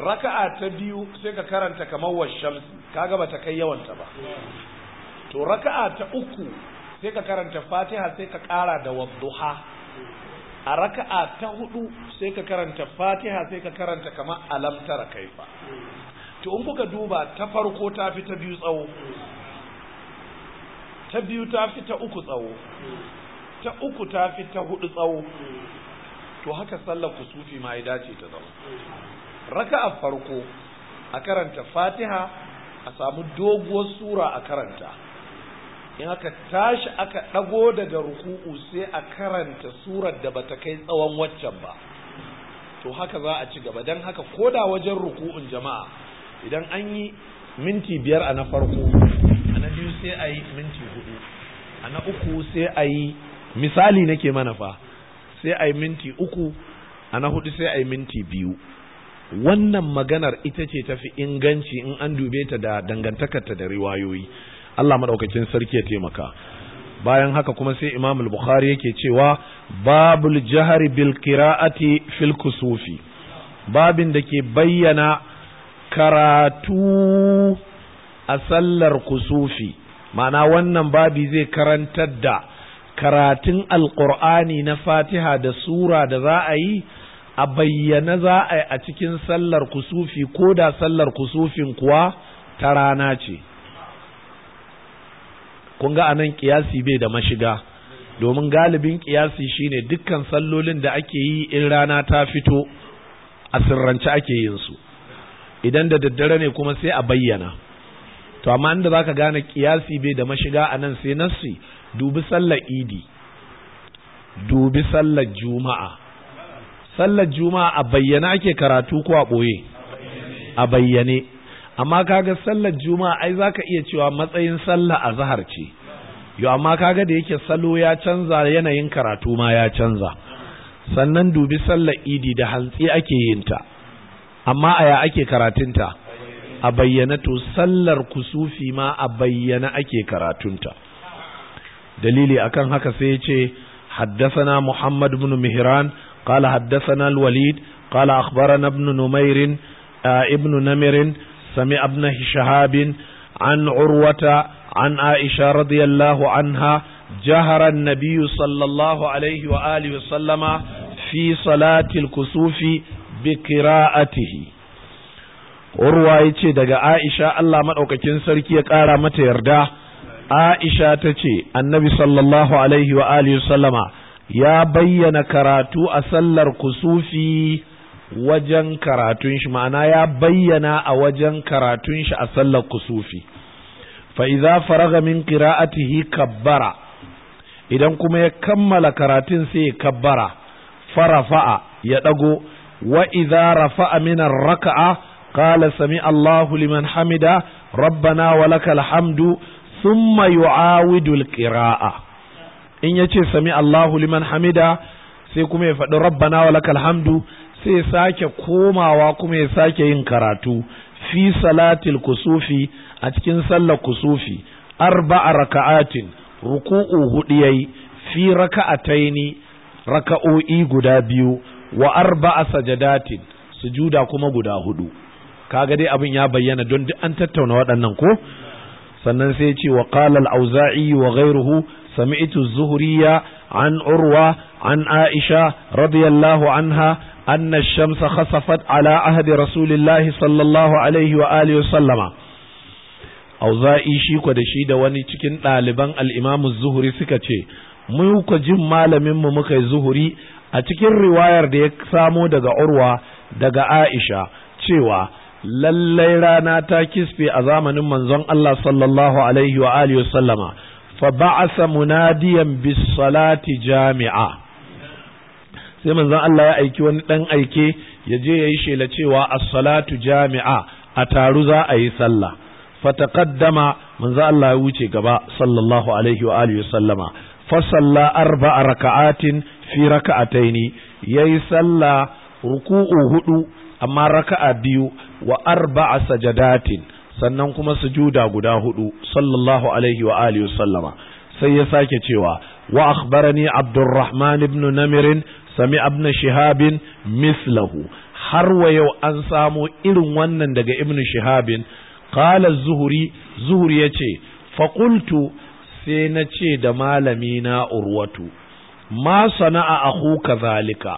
raka'a ta biyu sai ka karanta kamar wal Ka kaga bata kai yawanta ba to raka'a ta uku sai ka karanta fatiha sai ka ƙara da wadduha a raka'a ta hudu sai ka karanta fatiha sai ka karanta kamar alam tara kaifa to in kuka duba ta farko ta fi ta biyu tsawo ta biyu ta fi ta uku tsawo ta uku ta fi ta hudu tsawo to haka sallar kusufi ma ya dace ta zama raka'a farko a karanta fatiha a samu doguwar sura a karanta in aka tashi aka ɗago daga ruku'u sai a karanta surar da bata kai tsawon waccan ba to haka za a ci gaba don haka koda wajen ruku'un jama'a idan an yi minti biyar a na farko a na biyu sai a yi minti hudu a na uku sai a yi misali nake mana fa sai a yi minti uku a na hudu sai a yi minti biyu wannan maganar ita ce tafi inganci in an dube ta da dangantakarta da riwayoyi Allah madaukakin sarki ya taimaka bayan haka kuma sai Imam al-Bukhari yake cewa babul jahri bil qira'ati fil kusufi babin da ke bayyana karatu a sallar kusufi ma'ana wannan babi zai karantar da karatun alkur'ani na fatiha da sura da za a yi a bayyana za a yi a cikin sallar kusufi ko da sallar kusufin kuwa ta rana ce kun ga anan kiyasi bai da mashiga domin galibin kiyasi shine dukkan sallolin da ake yi in rana ta fito a sirrance ake yin su idan da daddare ne kuma sai a bayyana to amma inda zaka gane kiyasi bai da mashiga anan sai nassi dubi sallar idi dubi sallar juma'a sallar juma'a a bayyana ake karatu ko a boye a bayyane amma kaga sallar juma'a ai zaka iya cewa matsayin sallah a zahar ce yo amma kaga da yake salo ya canza yanayin karatu ma ya canza sannan dubi sallar idi da hantsi ake yin ta amma aya ake karatunta a bayyana to sallar kusufi ma a bayyana ake karatunta dalili akan haka sai ya ce حدثنا محمد بن مهران قال حدثنا الوليد قال أخبرنا ابن نمير ابن نمر سمع ابن شهاب عن عروة عن عائشة رضي الله عنها جهر النبي صلى الله عليه وآله وسلم في صلاة الكسوف بقراءته urwa ya ce daga aisha Allah maɗaukakin sarki ya ƙara mata yarda aisha ta ce annabi sallallahu alaihi wa sallama ya bayyana karatu a sallar kusufi wajen karatun shi ma'ana ya bayyana a wajen karatun shi a sallar kusufi fa idza faraga min qira'atihi kabbara idan kuma ya kammala karatun sai ya kabbara farafa'a ya dago wa idza rafa'a min ar-raka'a qala sami Allahu liman hamida rabbana walakal hamdu thumma yu'awidu al-qira'a in yace sami Allahu liman hamida sai kuma ya faɗi rabbana walakal hamdu sai sake komawa kuma ya sake yin karatu fi salatil kusufi a cikin sallar kusufi arba'a raka'atin ruku'u hudu yayi fi raka'ataini raka'o'i guda biyu wa arba'a sajadatin sujuda kuma guda hudu kaga dai abin ya bayyana don duk an tattauna waɗannan ko sannan sai ce wa qala al-auza'i wa ghayruhu sami'tu az-zuhriya an urwa an aisha radiyallahu anha أن الشمس خسفت على عهد رسول الله صلى الله عليه وآله وسلم auza'i shi kwa da shi da wani cikin ɗaliban al'imamu zuhuri suka ce, Mun kuka jin malaminmu muka yi zuhuri a cikin riwayar da ya samo daga urwa daga Aisha cewa lallai rana ta kisfe a zamanin manzon Allah sallallahu Alaihi wa sallama, fa ba'asa munadiyan bis salati jami'a. sai manzon Allah ya aiki wani dan aike ya je yayi shela cewa as-salatu jami'a a taru za a yi sallah fataqaddama manzon Allah ya wuce gaba sallallahu alaihi wa alihi wasallama fa salla arba'a raka'atin fi raka'ataini yayi sallah ruku'u hudu amma raka'a biyu wa arba'a sajadatin sannan kuma sujuda guda hudu sallallahu alaihi wa alihi sallama. sai ya sake cewa wa akhbarani abdurrahman ibn Namirin. sami abna shihabin mislahu har wa yau an samo irin wannan daga Ibnu shihabin qala zuhuri zuhuri ya ce faƙultu sai na ce da malami na urwatu ma sana'a ahu kazalika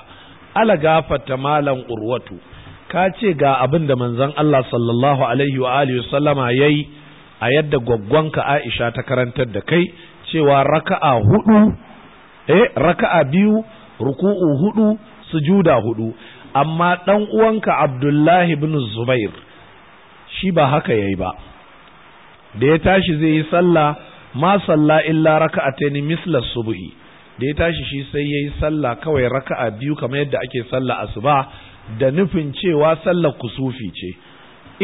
ala gafata malam urwatu ka ce ga abin da manzon Allah sallallahu alaihi wa alihi sallama yayi a yadda ka Aisha ta karantar da kai cewa raka'a hudu eh raka'a biyu ruku'u hudu sujuda hudu amma dan uwanka abdullahi ibn zubair shi ba haka yayi ba da ya tashi zai yi sallah ma salla illa raka'atayn misla subhi da ya tashi shi sai yayi sallah kawai raka'a biyu kamar yadda ake sallah asuba da nufin cewa sallar kusufi ce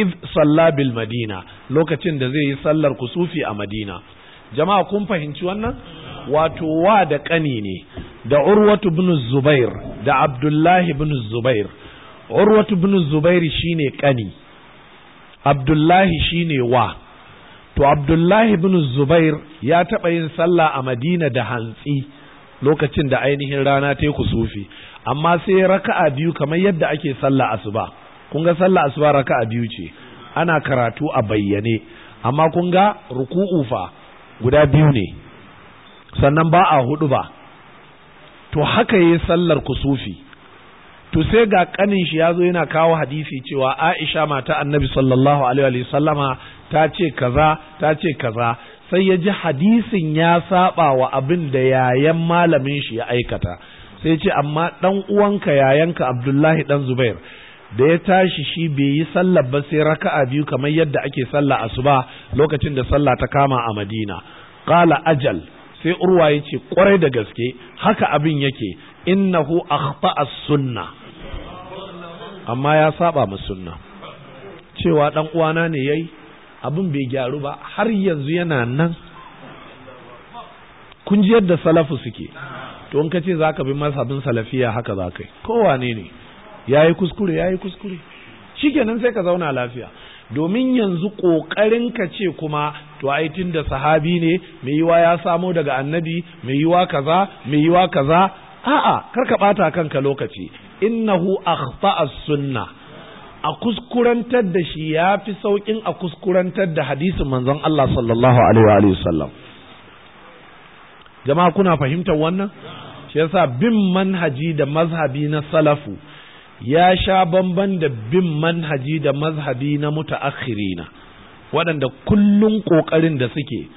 id salla bil madina lokacin da zai yi sallar kusufi a madina jama'a kun fahimci wannan wato wa da ƙani ne da urwatu bin zubair da abdullahi bin zubair urwatu bin zubair shine ƙani abdullahi shine wa to abdullahi bin zubair ya taɓa yin sallah a madina da hantsi lokacin da ainihin rana ta yi kusufi amma sai raka'a biyu kamar yadda ake sallah asuba kun ga sallah asuba raka'a biyu ce ana karatu a bayyane amma kun ga ruku'u fa guda biyu ne sannan ba a hudu ba to haka yi sallar kusufi to sai ga kanin shi ya zo yana kawo hadisi cewa aisha mata annabi sallallahu alaihi sallama ta ce kaza ta ce kaza sai ya ji hadisin ya saba wa abin da yayan malamin shi ya aikata sai ce amma dan uwanka yayanka abdullahi dan zubair da ya tashi shi bai yi sallar ba sai raka'a biyu kamar yadda ake sallah asuba lokacin da sallah ta kama a madina qala ajal sai urwa ya ce kwarai da gaske haka abin yake innahu as sunna amma ya saba mu sunna cewa dan uwana ne yayi abin bai gyaru ba har yanzu yana nan kun ji yadda salafu suke to in kace zaka bi masabin salafiya haka zaka yi kowane ne yayi kuskure yayi kuskure shikenan sai ka zauna lafiya domin yanzu ƙoƙarin ka ce kuma to ai tun da sahabi ne mai yiwa ya samo daga annabi mai yiwa kaza mai yiwa kaza a'a kar ka bata kanka lokaci innahu akhta as-sunna a kuskurantar da shi ya fi sauƙin a kuskurantar da hadisin manzon Allah sallallahu alaihi wa sallam jama'a kuna fahimtar wannan shi yasa bin manhaji da mazhabi na salafu ya sha bamban da bin manhaji da mazhabi na mutaakhirina waɗanda kullun ƙoƙarin da suke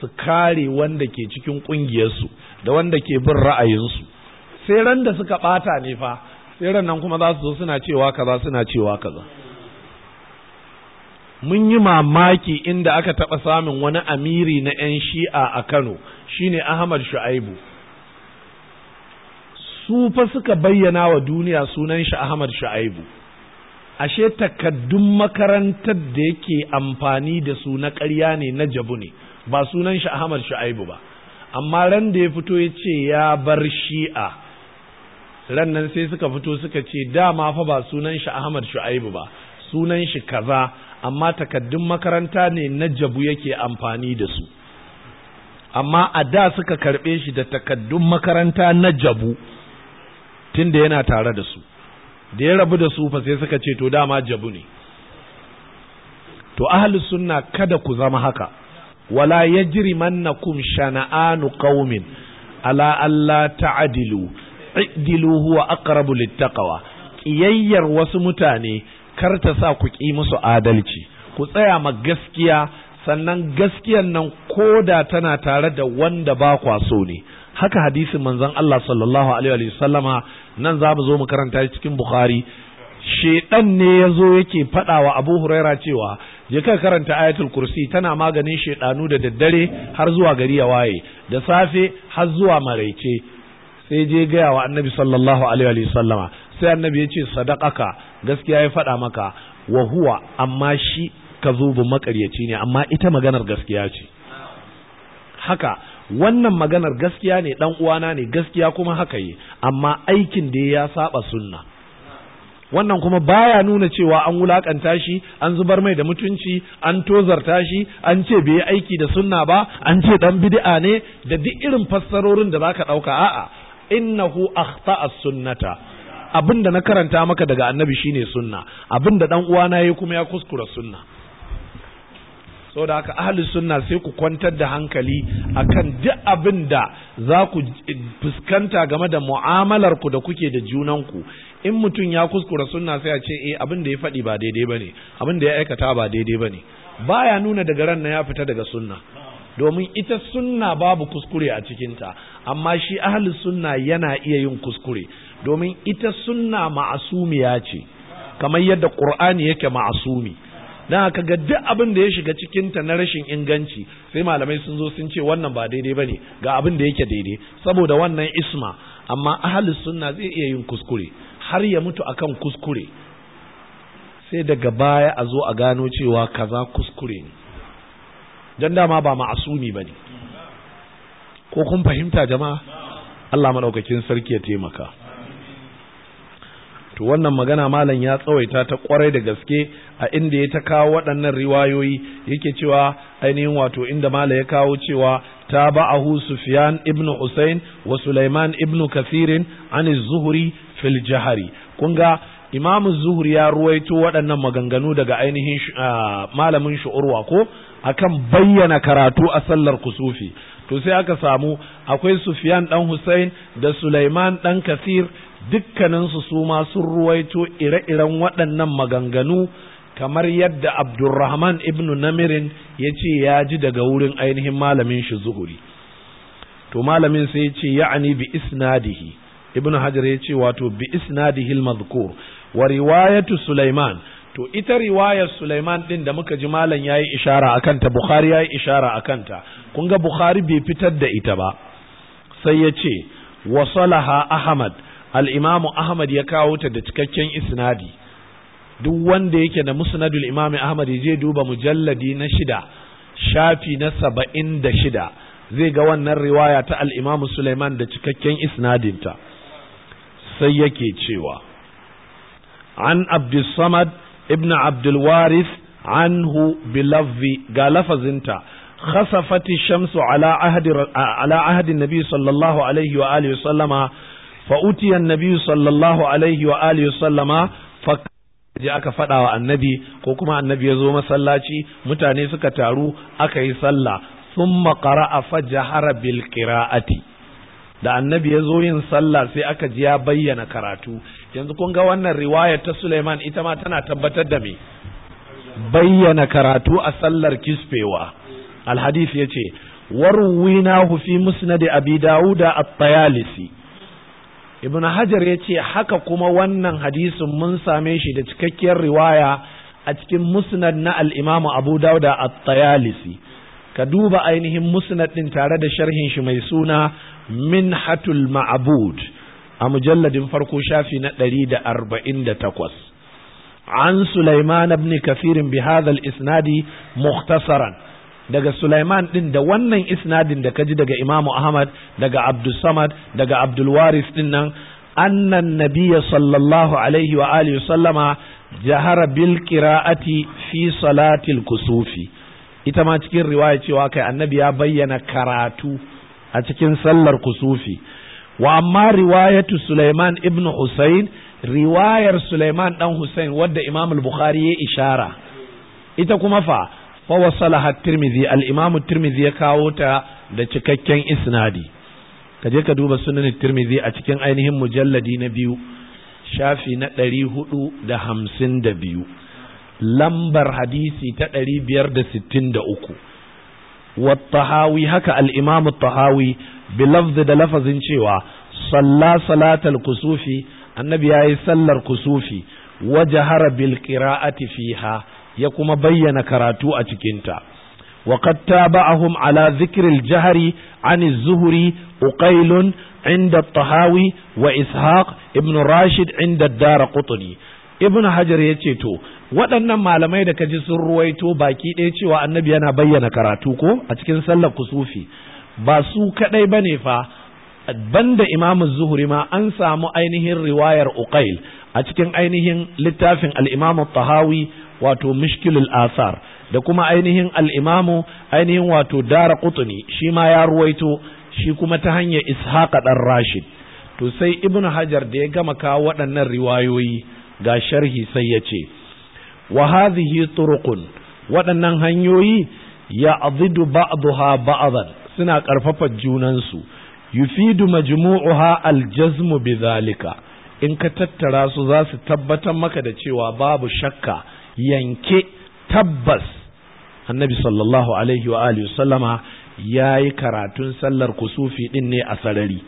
su kare wanda ke cikin ƙungiyarsu da wanda ke bin ra'ayinsu sai ran da suka ɓata ne fa sai ran nan kuma za su zo suna cewa kaza suna cewa kaza mun yi mamaki inda aka taɓa samun wani amiri na 'yan shi'a a Kano shine Ahmad Shu'aibu su fa suka bayyana wa duniya sunan shi Ahmad Shu'aibu ashe takaddun makarantar da yake amfani da su na ƙarya ne na jabu ne ba sunan shi Ahmad Shu'aibu ba amma ran da ya fito ya ce ya bar shi'a ran nan sai suka fito suka ce dama fa ba sunan shi Ahmad Shu'aibu ba sunan shi kaza amma takaddun makaranta ne na jabu yake amfani da su amma a da suka karɓe shi da takaddun makaranta na jabu Tun da yana tare da su da ya rabu da su fa sai suka ce to dama jabu ne to ahli sunna kada ku zama haka wala yajrimannakum shana'anu qaumin ala alla ta'dilu i'dilu huwa aqrabu littaqwa kiyayyar wasu mutane kar ta sa ku ki musu adalci ku tsaya ma gaskiya sannan gaskiyan nan ko da tana tare da wanda ba kwa so ne haka hadisin manzon Allah sallallahu alaihi wa sallama nan za mu zo mu karanta cikin bukhari shedan ne yazo yake faɗa wa abu huraira cewa je ka karanta ayatul kursi tana maganin shedanu da daddare har zuwa gari ya waye da safe har zuwa maraice sai je gaya wa annabi sallallahu alaihi wa sallama sai annabi ya ce sadaqaka gaskiya ya faɗa maka wa huwa amma shi ka zo bu makaryaci ne amma ita maganar gaskiya ce haka wannan maganar gaskiya ne dan uwana ne gaskiya kuma haka yi amma aikin da ya saba sunna wannan kuma baya nuna cewa an wulakanta shi an zubar mai da mutunci an tozarta shi an ce bai aiki da sunna ba an ce dan bid'a ne da duk irin fassarorin da zaka dauka a'a innahu as sunnata abinda na karanta maka daga annabi shine sunna abinda dan uwana yayi kuma ya kuskura sunna saboda haka ahli sunna sai ku kwantar da hankali akan duk abin da za ku fuskanta game da mu'amalar ku da kuke da junan ku in mutum ya kuskura sunna sai ya ce eh abin da ya faɗi ba daidai bane abin da ya aikata ba daidai bane baya nuna daga ran na ya fita daga sunna domin ita sunna babu kuskure a cikinta amma shi ahli sunna yana iya yin kuskure domin ita sunna ma'asumiya ce kamar yadda qur'ani yake ma'asumi don haka ga duk abin da ya shiga cikin ta na rashin inganci sai malamai sun zo sun ce wannan ba daidai bane ga abin da yake daidai saboda wannan isma amma ahli sunna zai iya yin kuskure har ya mutu akan kuskure sai daga baya a zo a gano cewa kaza kuskure ne don dama ba ma'asumi bane ko kun fahimta jama'a Allah madaukakin sarki ya taimaka to wannan magana malam ya tsawaita ta kwarai da gaske a inda ya ta kawo waɗannan riwayoyi yake cewa ainihin wato inda malam ya kawo cewa ta ba'ahu sufyan Ibn husain wa sulaiman ibnu kasirin an zuhuri fil jahari kun ga imamu zuhuri ya ruwaito waɗannan maganganu daga ainihin malamin shu'urwa ko akan bayyana karatu a sallar kusufi to sai aka samu akwai Sufiyan dan husain da sulaiman dan kasir dukkaninsu su ma sun ruwaito ire-iren waɗannan maganganu kamar yadda abdurrahman ibn namirin ya ce ya ji daga wurin ainihin malamin shi zuhuri to malamin sai ya ce ya'ani bi isnadihi ibn hajar ya ce wato bi isnadihi al-mazkur wa riwayatu sulaiman to ita riwayar Sulaiman din da muka ji malam yayi ishara akan ta Bukhari yayi ishara akan ta kun ga Bukhari bai fitar da ita ba sai ya ce wasalaha Ahmad al ahmad ya kawo ta da cikakken isnadi duk wanda yake da musnadul imami ahmad je duba mujalladi na shida shafi na saba'in da shida zai ga wannan riwaya ta al'imamu Suleiman da cikakken isnadinta sai yake cewa an abdulsamad ibn abdulwaris anhu Bilavi ga lafazinta khasafati shamsu ala ahadin nabi sallallahu alaihi wa alihi sallama fa utiya annabi sallallahu alaihi wa alihi sallama fa je aka faɗa wa annabi ko kuma annabi ya zo masallaci mutane suka taru aka yi sallah thumma qara'a fajahara bil qira'ati da annabi ya zo yin sallah sai aka ji ya bayyana karatu yanzu kun ga wannan riwayar ta Suleiman ita ma tana tabbatar da me bayyana karatu a sallar kisfewa alhadith yace warwina hufi musnadi abi dauda at-tayalisi ibn hajar ya ce haka kuma wannan hadisin mun same shi da cikakkiyar riwaya a cikin musnad na al'imamu abu dauda a tayalisi ka duba ainihin musnad ɗin tare da sharhin shi mai suna min hatul ma'abud a mujalladin farko shafi na ɗari da arba'in da takwas an sulaiman ibn kafirin bi hadha al-isnadi mukhtasaran daga Sulaiman din da wannan isnadin da kaji daga Imam Ahmad daga Abdul Samad daga Abdul Waris din nan annan nabiyya sallallahu alaihi wa alihi sallama jahara bil qira'ati fi salatil kusufi ita ma cikin riwaya cewa kai annabi ya bayyana karatu a cikin sallar kusufi wa amma riwayatu Sulaiman ibn Husayn riwayar Sulaiman dan Husayn wadda Imam al-Bukhari ya ishara ita kuma fa fa wasalaha tirmidhi al-imam tirmidhi ya kawo ta da cikakken isnadi ka je ka duba sunan tirmidhi a cikin ainihin mujalladi na biyu shafi na ɗari hudu da hamsin da biyu lambar hadisi ta ɗari biyar da sittin da uku wattahawi haka al'imamu tahawi lafzi da lafazin cewa salla salatal kusufi annabi ya yi sallar kusufi waje hara bil qira'ati fiha ya kuma bayyana karatu a cikinta وقد تابعهم على ذكر الجهر عن الزهري أقيل عند الطهاوي وإسحاق ابن راشد عند الدار قطني ibn hajar ya ce to waɗannan malamai da kaji sun ruwaito baki ɗaya cewa annabi yana bayyana karatu ko a cikin sallar kusufi ba su kaɗai ba ne fa banda imamu zuhuri ma an samu ainihin riwayar uqail a cikin ainihin littafin al-imamu tahawi wato mishkilul asar da kuma ainihin al'imamu ainihin wato dara kutuni shi ma ya ruwaito shi kuma ta hanyar ishaqa ɗan rashid to sai ibn hajar da ya gama kawo waɗannan riwayoyi ga sharhi sai ya ce wa hadhihi turuqun waɗannan hanyoyi ya azidu ba'daha ba'dan suna ƙarfafa junansu yufidu majmu'uha aljazmu bidhalika in ka tattara su za su tabbatar maka da cewa babu shakka yanke tabbas annabi sallallahu alaihi wa alihi sallama yayi karatun sallar kusufi din ne a sarari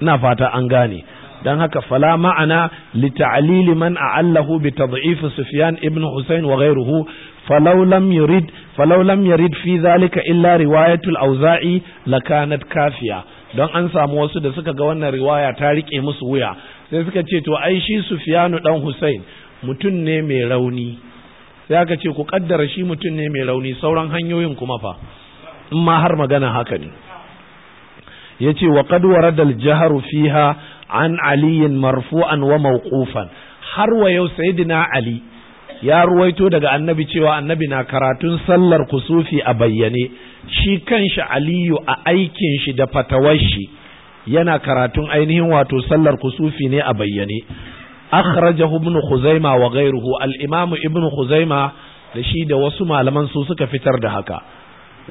ina fata an gane Don haka fala ma'ana li ta'lil man a'allahu bi tad'if sufyan ibn husayn wa ghayruhu فلو لم يرد فلو لم يرد في ذلك illa رواية الأوزاعي لكانت kafiya. don an samu wasu da suka ga wannan riwaya ta rike musu wuya sai suka ce to ai shi Sufyanu dan Hussein mutum ne mai rauni sai aka ce ku kaddara shi mutum ne mai rauni sauran hanyoyin kuma fa in ma har magana haka ne yace wa qad warada al fiha an ali marfu'an wa mawqufan har wa yau sayyidina ali ya ruwaito daga annabi cewa annabi na karatun sallar kusufi a bayyane shi kanshi aliyu a aikin shi da fatawar shi yana karatun ainihin wato sallar kusufi ne a bayyane akhrajahu ibn khuzaima wa ghayruhu al-imam ibn khuzaima da shi da wasu malaman su suka fitar da haka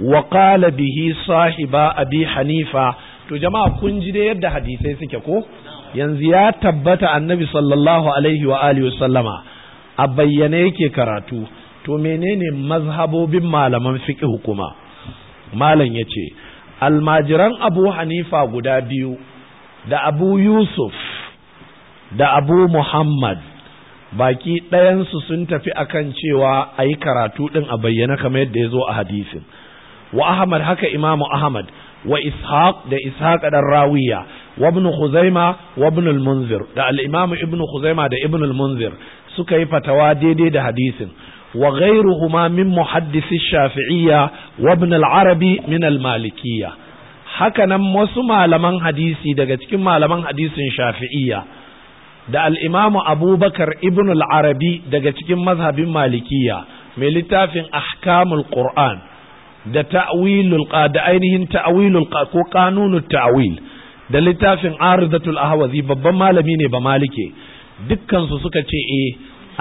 wa qala bihi sahiba abi hanifa to jama'a kun ji dai yadda hadisai suke ko yanzu ya tabbata annabi sallallahu alaihi wa alihi sallama a bayyane yake karatu to menene mazhabobin malaman fiqh hukuma? malam yace almajiran abu hanifa guda biyu da abu yusuf da abu muhammad baki ɗayansu sun tafi akan cewa ayi karatu ɗin a bayyana kamar yadda ya zo a hadisin wa ahmad haka imamu ahmad wa ishaq da ishaq dan rawiya wa ibn khuzaima wa ibn al-munzir da al-imam ibn khuzaima da ibn al-munzir suka yi fatawa daidai da hadisin wa ghayruhuma min muhaddisi shafi'iyya wa ibn al-arabi min al-malikiyya haka nan wasu malaman hadisi daga cikin malaman hadisin shafi'iyya da al'imamu abubakar ibn al'arabi daga cikin mazhabin malikiya mai littafin ahkamul qur'an da ta'wilul da ainihin ta'wilul ko kanunut ta'wil da littafin aridatul ahwazi babban malami ne ba malike dukkansu suka ce e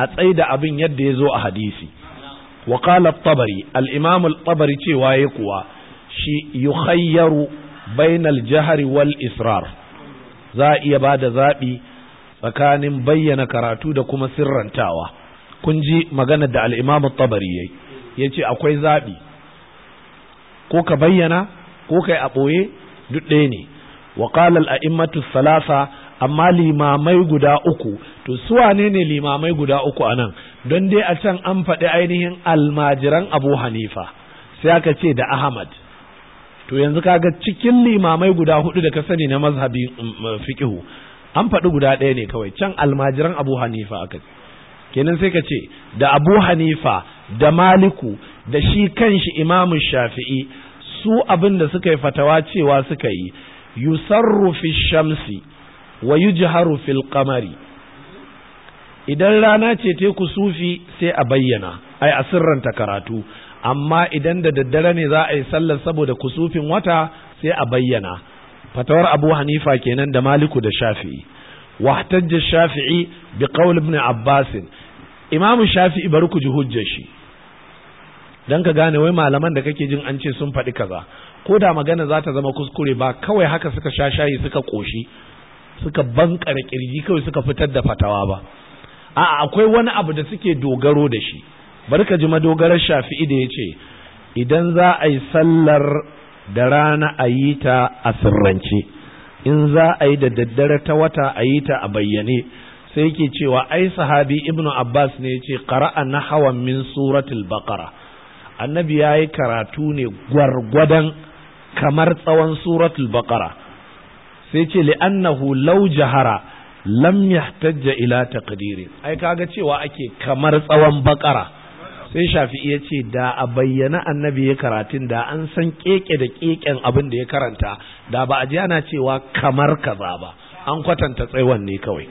a da abin yadda ya zo a hadisi wa qala tabari al-imam at-tabari cewa yayi kuwa shi yukhayyaru bainal jahri wal israr za a iya bada zabi tsakanin bayyana karatu da kuma sirrantawa kun ji maganar da al'imamu tabari yayi ya ce akwai zaɓi ko ka bayyana ko ka yi a ɓoye duk ɗaya ne wa ƙalal a'immatu salasa amma limamai guda uku to su wane ne limamai guda uku a nan don dai a can an faɗi ainihin almajiran abu hanifa sai aka ce da ahmad to yanzu kaga cikin limamai guda hudu da ka sani na mazhabin mm, mm, fiƙihu an faɗi guda ɗaya ne kawai can almajiran abu hanifa aka kenan sai ka ce da abu hanifa da maliku da shi kanshi imamu shafi'i su abin da suka yi fatawa cewa suka yi yusarru fi shamsi wa yujharu fil qamari idan rana ce ta kusufi sai a bayyana ai a sirranta karatu amma idan da daddare ne za a yi sallar saboda kusufin wata sai a bayyana fatawar abu hanifa kenan da maliku da shafi'i wahtajja shafi'i bi qawl ibn abbas imam shafi'i bari ku ji hujjar shi dan ka gane wai malaman da kake jin an ce sun faɗi kaza ko da magana za ta zama kuskure ba kawai haka suka sha shayi suka koshi suka bankare kirji kawai suka fitar da fatawa ba a'a akwai wani abu da suke dogaro da shi bari ka ji madogarar shafi'i da ya ce idan za a yi sallar da rana a yi ta a sirrance in za a yi da daddare ta wata a yi ta a bayyane sai ke cewa ai sahabi ibnu abbas ne ce qara'a hawan min suratul baqara annabi ya yi karatu ne gwargwadan kamar tsawon suratul baqara sai ce li'annahu law jahara lam yahtajja ila taqdirin ai kaga cewa ake kamar tsawon baqara sai shafi'i ya ce da a bayyana annabi ya karatun da an san keke da keken abin da ya karanta da ba a ji ana cewa kamar kaza ba an kwatanta tsaiwan ne kawai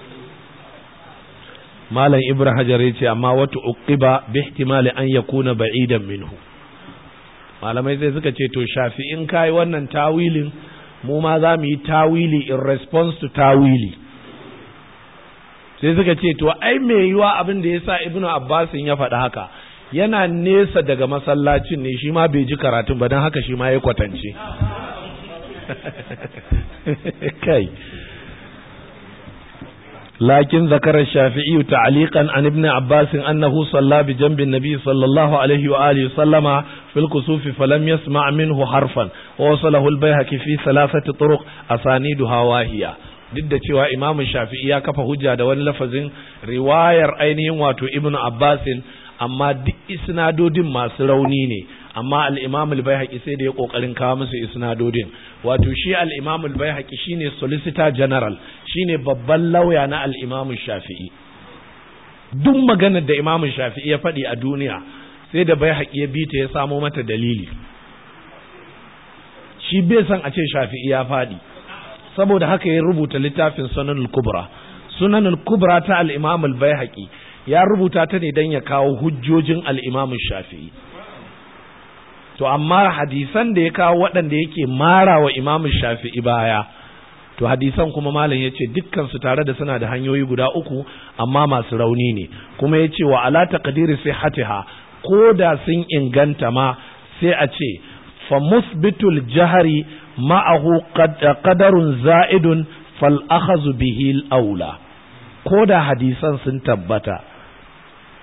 [laughs] malam ibra hajar ya ce amma wata uqiba bi ihtimali an yakuna ba'idan minhu malamai sai suka ce to shafi shafi'in kai wannan tawilin mu ma za mu yi tawili in response to tawili sai suka ce to ai mai yiwa abin da yasa ibnu Abbas ya faɗi haka yana nesa daga masallacin ne shi ma bai ji karatu ba don haka shi ma ya kwatance [laughs] kai lakin zakara shafi'i ta'liqan an ibn abbas annahu salla bi janbi nabi sallallahu alaihi wa alihi sallama fil kusuf falam yasma' minhu harfan wa wasalahu al bayhaqi fi thalathati turuq asaniduha wahiya duk da cewa imamu shafi'i ya kafa hujja da wani lafazin riwayar ainihin wato ibn abbasin amma duk isnadodin masu rauni ne amma al-imam sai da ya kokarin kawo musu isnadodin wato shi al-imam shine solicitor general shine babban lauya na al shafi'i duk maganar da imamu shafi'i ya faɗi a duniya sai da bayhaqi ya bita ya samo mata dalili shi bai san a ce shafi'i ya faɗi saboda haka ya rubuta littafin sunan kubra sunan kubra ta al-imam al bayhaqi ya rubuta ta ne dan ya kawo hujjojin al-imam shafi'i to amma hadisan da ya kawo waɗanda yake mara wa imam shafi'i baya to hadisan kuma malam yace dukkan su tare da suna da hanyoyi guda uku amma masu rauni ne kuma yace wa ala taqdiri sihhatiha ko da sun inganta ma sai a ce fa musbitul jahari ma'ahu eh, qadarun za'idun fal akhadhu aula ko da hadisan sun tabbata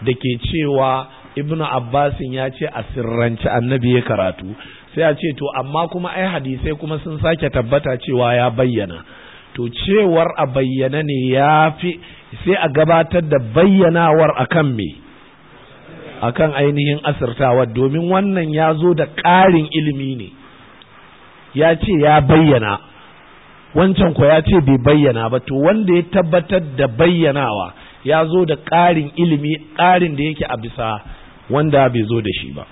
da ke cewa ibnu abbasin ya ce a sirrance annabi ya karatu sai a ce to amma kuma ai hadisai kuma sun sake tabbata cewa ya bayyana to cewar a bayyana ne ya fi sai a gabatar da bayyanawar akan me akan ainihin asirtawa domin wannan ya zo da ƙarin ilimi ne ya ce ya bayyana wancan ko ya ce bai bayyana ba to wanda ya tabbatar da bayyanawa ya zo da ƙarin ilimi ƙarin da yake a bisa wanda bai zo da shi ba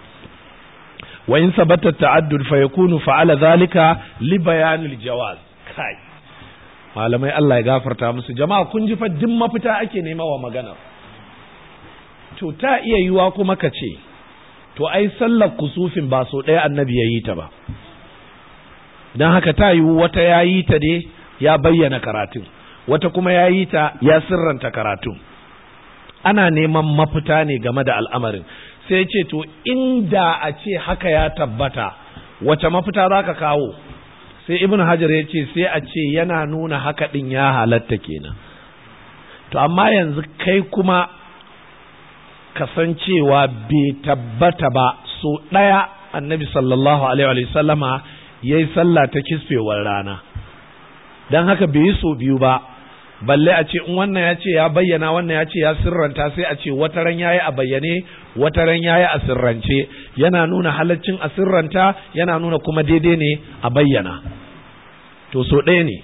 wa in sabata ta'addud fa yakunu fa'ala zalika li bayanil jawaz kai malamai Allah ya gafarta musu jama'a kun ji fa mafita ake nema wa maganar to ta iya yiwa kuma ka ce to ai sallar kusufin ba so ɗaya annabi ya yi ta ba don haka ta yiwu wata ya yi ta ne ya bayyana karatun wata kuma ya yi ta ya sirranta karatun ana neman mafita ne game da al'amarin sai ce to inda a ce haka ya tabbata wace mafita za ka kawo sai ibn hajar ya ce sai a ce yana nuna haka ɗin ya halatta kenan to amma yanzu kai kuma kasancewa bai tabbata ba so ɗaya annabi sallallahu alaihi sallama ya yi sallah ta kisfewar rana don haka bai yi so biyu ba balle a ce in wannan ya ce ya bayyana wannan ya ce ya sirranta sai a ce wata ran ya yi a bayyane wata ran ya yi a sirrance yana nuna halaccin a sirranta yana nuna kuma daidai ne a bayyana to so ɗaya ne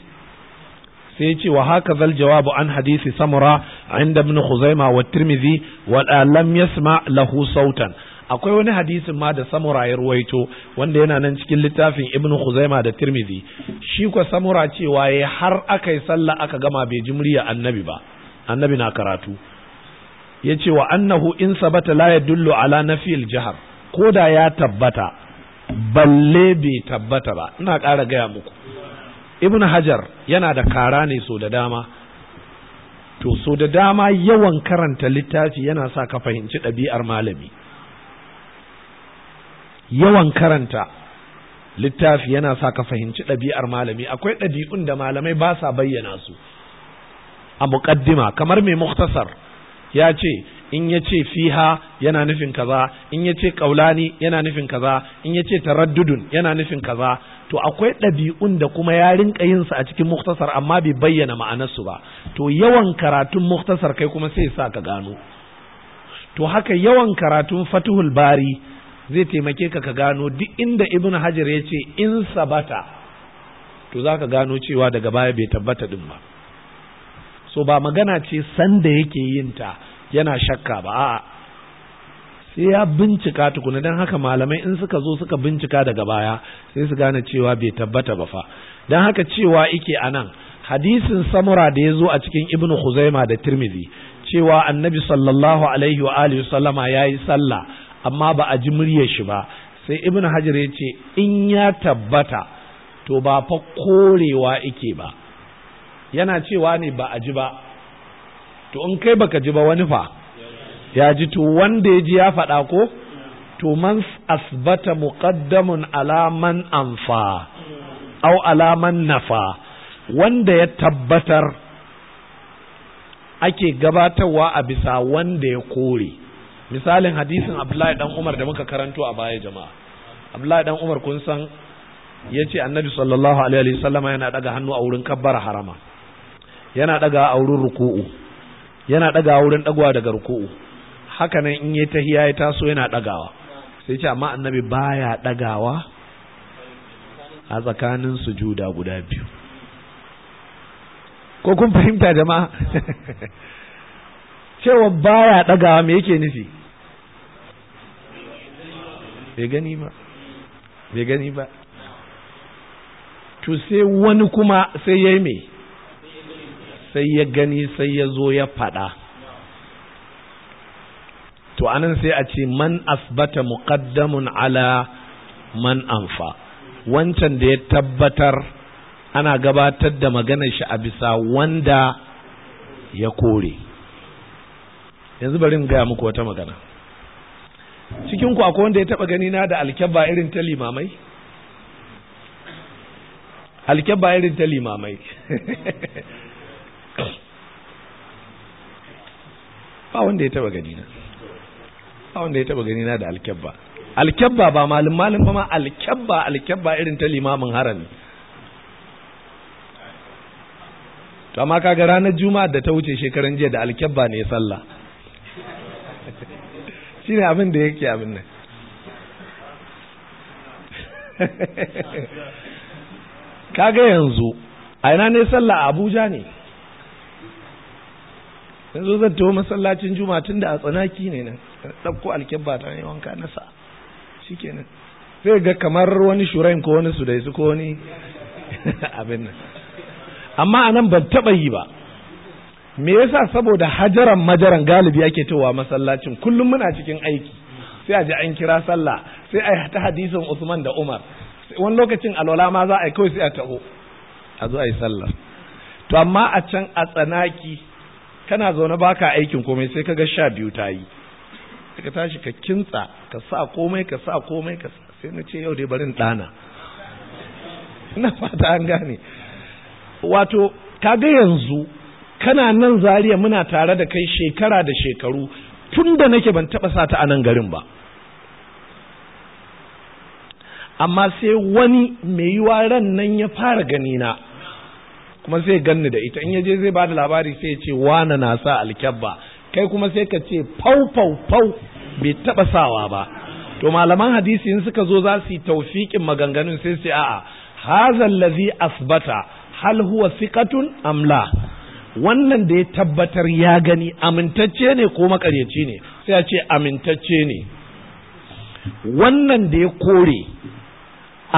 sai ce wa haka zal jawabu an hadisi samura inda ibn khuzaima wa tirmidhi wa lam yasma lahu sautan akwai wani hadisin ma da samura ya ruwaito wanda yana nan cikin littafin ibn khuzaima da tirmidhi shi ko samura cewa ya har aka yi sallah aka gama bai ji murya annabi ba annabi na karatu ya ce wa annahu in sabata la yadullu ala nafil jihar. ko da ya tabbata balle bai tabbata ba ina ƙara gaya muku ibn hajar yana da kara ne so da dama to so da dama yawan karanta littafi yana sa ka fahimci ɗabi'ar malami yawan karanta littafi yana sa ka fahimci ɗabi'ar malami akwai ɗabi'un da malamai ba sa bayyana su a muƙaddima kamar mai muktasar ya ce in ya ce fiha yana nufin kaza in ya ce kaulani yana nufin kaza in ya ce taraddudun yana nufin kaza to akwai ɗabi'un da kuma ya rinka yinsa a cikin muktasar amma bai bayyana ma'anarsu ba to yawan karatun muktasar kai kuma sai sa ka gano to haka yawan karatun fatuhul bari zai taimake ka ka gano duk inda ibn hajar ya ce in sabata to za ka gano cewa daga baya bai tabbata din ba so ba magana ce sanda yake yin ta yana shakka ba a'a sai ya bincika tukuna don haka malamai in suka zo suka bincika daga baya sai su gane cewa bai tabbata ba fa don haka cewa ike anan hadisin samura da ya zo a cikin ibnu huzaima da tirmidhi cewa annabi sallallahu alaihi wa alihi sallama ya yi sallah amma ba a ji muryar shi ba sai ibn hajar ya ce in ya tabbata to ba fa korewa ike ba yana cewa ne ba a ji ba to in kai baka ji ba wani fa ya ji to wanda ya ji ya faɗa ko to man asbata muqaddamun ala man anfa au ala nafa wanda ya tabbatar ake gabatarwa a bisa wanda ya kore misalin hadisin abdullahi dan umar da muka karanto a baya jama'a abdullahi dan umar kun san ya ce annabi sallallahu alaihi wasallama yana daga hannu a wurin kabbar harama yana daga a wurin ruku'u yana ɗagawa wurin ɗagawa daga ruku'u haka nan in yi tahiya ya taso yana ɗagawa sai ce amma annabi baya ɗagawa a tsakanin sujuda guda biyu ko kun fahimta jama'a [laughs] cewa baya ɗagawa me yake nufi bai gani ba bai gani ba to sai wani kuma sai yayi me sai ya gani sai ya zo ya faɗa to anan sai a ce man asbata muqaddamun ala man anfa wancan da ya tabbatar ana gabatar da maganar shi a bisa wanda ya kore yanzu bari in gaya muku wata magana cikin ku akwai wanda ya taba gani na da alkyabba irin ta limamai alkyabba irin ta limamai [laughs] ba wanda ya taba gani na ba wanda ya taba gani na da alkyabba alkyabba ba malin malin ba ma alkyabba alkyabba irin ta limamin harami to amma kaga ranar juma'a da ta wuce shekaran jiya da alkyabba ne sallah [laughs] shine abin da yake abin nan [laughs] kaga yanzu a ina ne sallah a Abuja ne yanzu zan taho masallacin juma'a tun da a tsanaki ne nan ɗauko alkyabba ta ne wanka na sa shikenan sai ga kamar wani shurain ko wani su sudaisu ko wani [laughs] abin nan amma nan ban taɓa yi ba me yasa saboda hajaran majaran galibi ake wa masallacin kullum muna cikin aiki sai a ji an kira sallah sai a ta hadisin Usman da Umar wani lokacin alwala ma za a yi kawai sai a taho a zo a yi sallah to amma a can a tsanaki kana zaune baka aikin komai sai kaga sha biyu ta yi ka tashi ka kintsa ka sa komai ka sa komai ka sa sai na ce yau dai barin ɗana ina fata an gane wato kaga yanzu kana nan zariya muna tare da kai shekara da shekaru tun da nake ban taɓa sa ta a garin ba amma sai wani mai yiwa ran nan ya fara gani na. kuma sai ganni da ita in ya je zai bada labari sai ya ce wana na sa alkyabba kai kuma sai ka ce fau fau fau bai taba sawa ba to malaman hadisi in suka zo za su yi taufiƙin maganganun sai sai a'a haza ladhi asbata hal huwa thiqatun am la wannan da ya tabbatar ya gani amintacce ne ko makaryaci ne sai a ce amintacce ne wannan da ya kore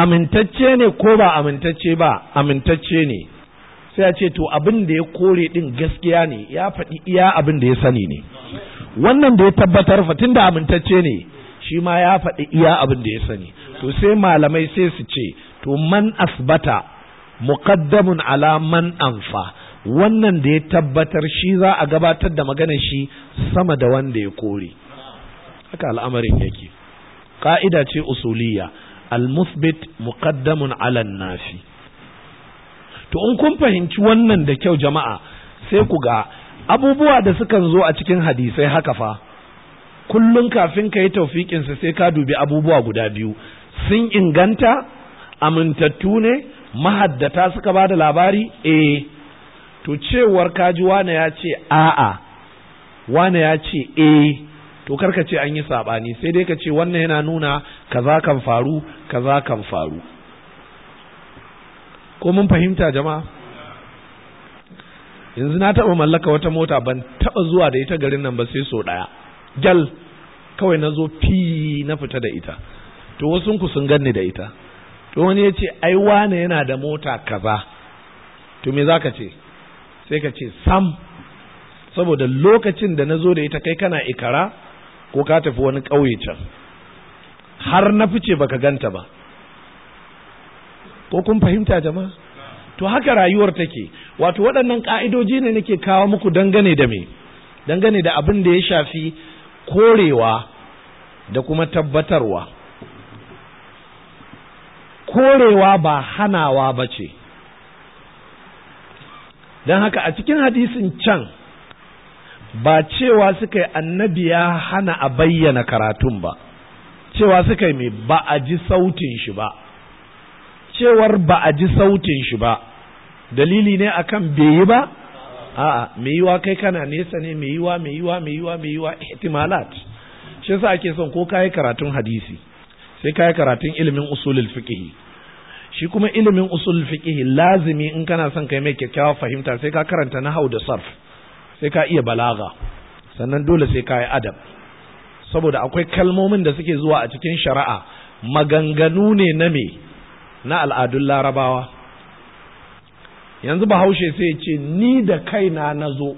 amintacce ne ko ba amintacce ba amintacce ne sai ya ce to abin da ya kore din gaskiya ne ya faɗi iya abin da ya sani ne wannan da ya tabbatar fa da amintacce ne shi ma ya faɗi iya abin da ya sani to sai malamai sai su ce to man asbata muqaddamun ala man anfa wannan da ya tabbatar shi za a gabatar da maganar shi sama da wanda ya kore haka al'amarin yake ka'ida ce usuliya al-musbit muqaddamun ala nafi to in kun fahimci wannan da kyau jama'a sai ku ga abubuwa da sukan zo a cikin hadisai haka fa kullum kafin ka yi sa sai ka dubi abubuwa guda biyu sun inganta amintattu ne mahaddata suka ba da labari eh to cewar kaji wane ya ce a'a wane ya ce eh to karka ce an yi saɓani sai dai ka ce wannan yana nuna kaza kan faru kaza kan faru ko mun fahimta jama'a yanzu na taɓa mallaka wata mota ban taɓa zuwa da ita garin nan ba sai so ɗaya Jal kawai na zo fi na fita da ita to wasu ku sun ganni da ita to wani ya ce ai wane yana da mota kaza to me zaka ce sai ka ce sam saboda lokacin da na zo da ita kai kana ikara ko ka tafi wani ƙauye can har na fice baka ganta ba ko kun fahimta jama'a to haka rayuwar take wato waɗannan ƙa'idoji ne nake kawo muku dangane da me dangane da abin da ya shafi korewa da kuma tabbatarwa korewa ba hanawa ba ce don haka a cikin hadisin can ba cewa suka yi annabi ya hana a bayyana karatun ba cewa suka yi mai ba a ji sautin shi ba cewar ba a ji sautin shi ba dalili ne akan bai yi ba a'a mai yiwa kai kana nesa ne mai yiwa mai yiwa mai yiwa mai yiwa ihtimalat shi yasa ake son ko kai karatun hadisi sai kai karatun ilimin usulul fiqh shi kuma ilimin usulul fiqh lazimi in kana son kai mai kyakkyawa fahimta sai ka karanta nahau da sarf sai ka iya balaga sannan dole sai ka yi adab saboda akwai kalmomin da suke zuwa a cikin shari'a maganganu ne na me na al'adun larabawa yanzu bahaushe sai ce ni da kaina na zo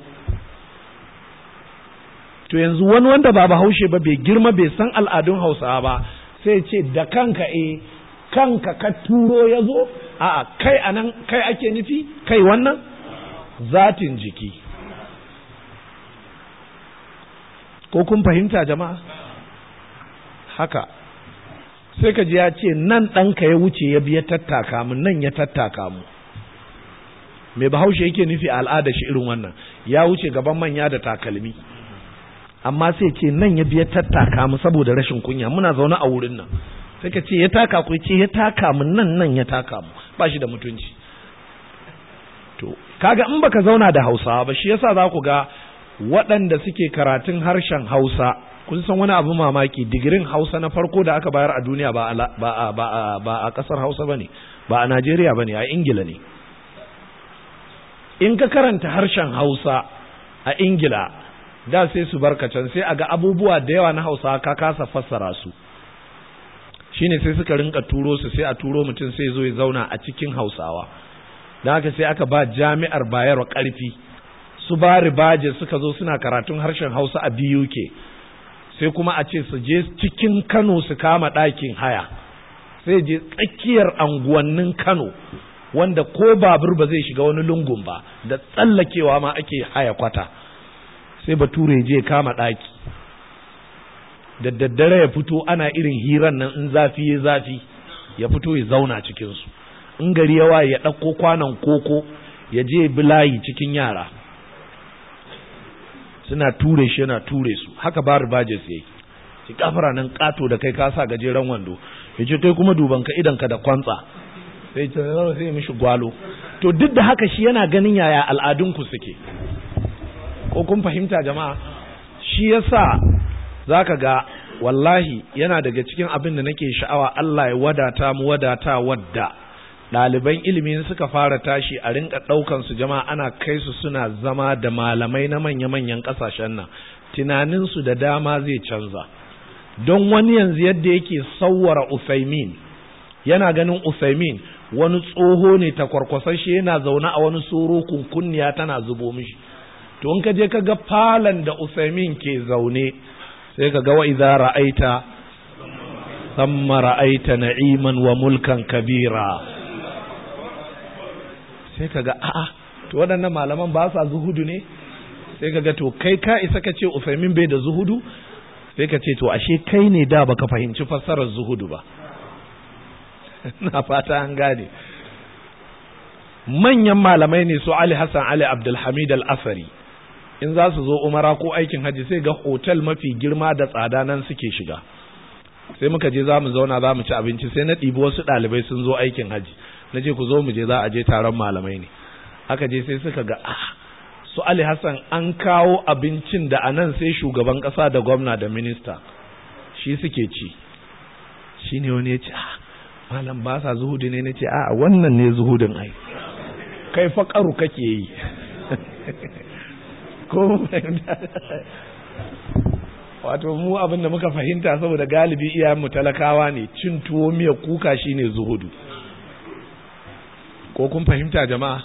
to yanzu wani wanda ba bahaushe ba bai girma bai san al'adun hausawa ba sai ce da kanka eh kanka ka turo ya zo a'a kai anan kai ake nufi kai wannan zatin jiki ko kun fahimta jama'a haka sai ka ji ya ce nan ɗanka ya wuce ya biya tattaka mu nan ya tattaka mu mai bahaushe yake nufi al'adar shi irin wannan ya wuce gaban manya da takalmi amma sai ce nan ya biya tattaka mu saboda rashin kunya muna zaune a wurin nan sai ka ce ya taka ku ce ya taka mu nan nan ya taka mu ba shi da mutunci to kaga in baka zauna da Hausawa ba shi yasa za ku ga waɗanda suke karatun harshen Hausa kun san wani abu mamaki digirin hausa na farko da aka bayar a duniya ba a kasar hausa ba ba a najeriya ba ne a ingila ne in ka karanta harshen hausa a ingila da sai su can sai a ga abubuwa da yawa na hausa ka kasa fassara su shine sai suka rinka turo su sai a turo mutum sai zo ya zauna a cikin hausawa da haka sai aka ba jami'ar bayarwa karfi su ba ribaje suka zo suna karatun harshen hausa a BUK sai kuma a ce su je cikin Kano su kama ɗakin haya sai je tsakiyar anguwannin Kano wanda ko babur ba zai shiga wani lungun ba da tsallakewa ma ake haya kwata sai bature je kama ɗaki da daddare ya fito ana irin hiran nan in zafi ya zafi ya fito ya zauna cikinsu in gari yawa ya ɗauko kwanan koko ya je bilayi cikin yara suna ture shi yana ture su haka ba rubajes yake shi kafara nan kato da kai kasa gajeren wando yace kai kuma duban ka idan ka da kwantsa sai ce sai mishi gwalo to duk da haka shi yana ganin yaya al'adun ku suke ko kun fahimta jama'a shi yasa zaka ga wallahi yana daga cikin abin da nake sha'awa Allah ya wadata mu wadata wadda ɗaliban ilimin suka fara tashi a rinka ɗaukan su jama'a ana kai su suna zama da malamai na manya-manyan ƙasashen nan tunaninsu da dama zai canza don wani yanzu yadda yake sauwara usaimin yana ganin usaimin wani tsoho ne ta kwarkwasashe yana zaune a wani tsoro kunkunniya tana zubo mishi to in ka je ka ga falon da usaimin ke zaune sai ka ga wa'iza ra'aita samma ra'aita na'iman wa mulkan kabira sai ka ga a'a to waɗannan malaman ba sa zuhudu ne sai ka ga to kai ka isa ka ce ufaimin bai da zuhudu sai ka ce to ashe kai ne da baka fahimci fassarar zuhudu ba [laughs] na fata an gane manyan malamai ne su Ali Hassan Ali Abdulhamid Al-Asari in za su zo umara ko aikin haji sai ga hotel mafi girma da tsada nan suke shiga sai muka je za mu zauna za mu ci abinci sai na ɗibi wasu ɗalibai sun zo aikin haji na je ku zo mu je za a je taron malamai ne aka je sai suka ga ah su Ali Hassan an kawo abincin da anan sai shugaban kasa da gwamna da minista shi suke ci shi ne wani ya ce ah malam ba sa zuhudi ne na ce ah wannan ne zuhudin ai kai faƙaru kake yi [laughs] ko [laughs] wato mu abin da muka fahimta saboda galibi iyayenmu talakawa ne cin tuwo miya kuka shine zuhudu ko kun fahimta jama'a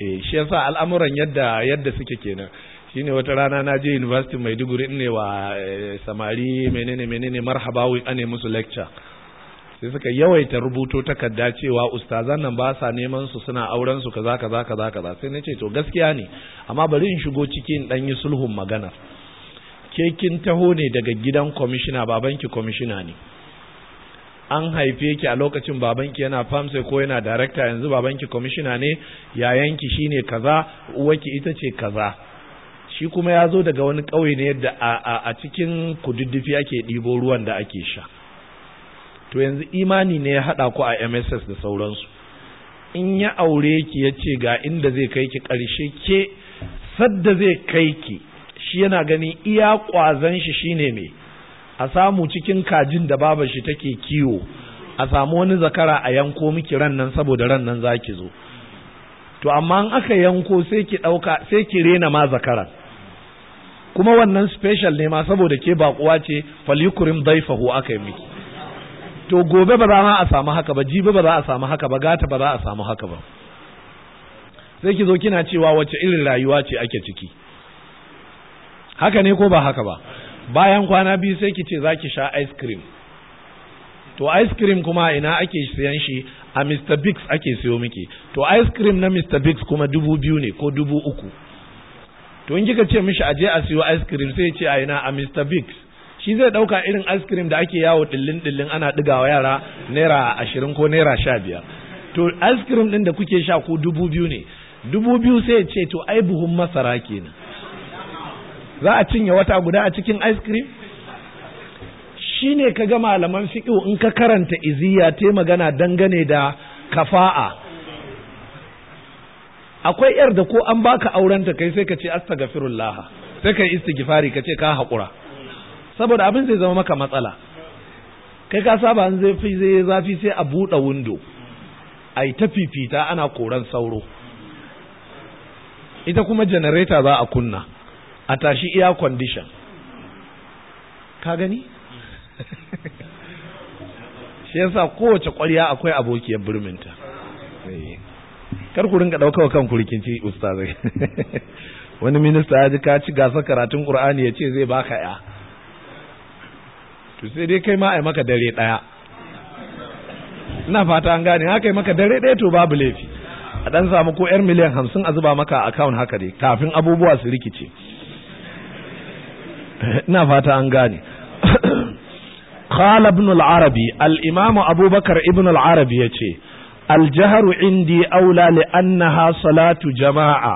eh shi yasa al'amuran yadda yadda suke kenan shine wata rana na je university Maiduguri ne wa eh, samari menene menene marhaba wai ane musu lecture sai suka yawaita rubuto takarda cewa ustazan nan ba sa neman su suna auren su kaza kaza kaza kaza sai nace to gaskiya ne amma bari in shigo cikin dan yi sulhun magana ke kin taho ne daga gidan commissioner babanki commissioner ne an haife ki a lokacin babanki yana famsa ko yana darakta yanzu babanki kwamishina ne yayanki shine kaza uwarki ita ce kaza shi kuma ya zo daga wani ƙauye ne yadda a cikin kududdufi ake ɗibo ruwan da ake sha to yanzu imani ne ya haɗa ku a mss da sauransu in ya aure ki ya ce ga inda zai kai ki ƙarshe ke sadda zai kai ki shi yana ganin iya ƙwazon shi shine mai a samu cikin kajin da baba shi take kiwo a samu wani zakara a yanko miki ran nan saboda ran nan zaki zo to amma in aka yanko sai ki dauka sai ki rena ma zakara kuma wannan special ne ma saboda ke bakuwa ce falyukrim daifahu aka yi miki to gobe ba za a samu haka ba jibi ba za a samu haka ba gata ba za a samu haka ba sai ki zo kina cewa wace irin rayuwa ce ake ciki haka ne ko ba haka ba bayan kwana biyu sai ki ce za ki sha ice cream to ice cream kuma ina ake siyan shi a Mr. Biggs ake siyo miki to ice cream na Mr. Biggs kuma dubu biyu ne ko dubu uku to in kika ce mishi aje a siyo ice cream sai ce a ina a Mr. Biggs shi zai dauka irin ice cream da ake yawo dillin dillin ana digawa yara naira ashirin ko naira sha biyar to ice cream din da kuke sha ko dubu biyu ne dubu biyu sai ce to ai buhun masara kenan za a cinye wata guda a cikin ice cream shi ne ka ga malaman fiƙo in ka karanta iziya te magana dangane da kafa'a akwai yar da ko an baka aurenta kai sai ka ce astaghfirullah sai ka yi istighfari ka ce ka haƙura saboda abin zai zama maka matsala kai ka saba an zai fi zai zafi sai a buɗe windo a ta fifita ana koran sauro ita kuma janareta za a kunna a tashi iya condition ka gani shi yasa kowace kwariya akwai abokiyar birminta eh. kar ku rinka ɗaukawa kan rikici ustazai [laughs] wani minista ya ji ka ci gasa karatun ƙur'ani ya ce zai baka ya to sai dai kai ma a maka dare ɗaya ina fata an gane haka yi maka dare ɗaya to babu laifi a ɗan samu ko 'yar miliyan hamsin a zuba maka a akawun haka dai kafin abubuwa su rikice ina [laughs] fata an gane [coughs] qala ibn al-arabi al-imam abubakar ibn al-arabi yace al indi aula li annaha salatu jama'a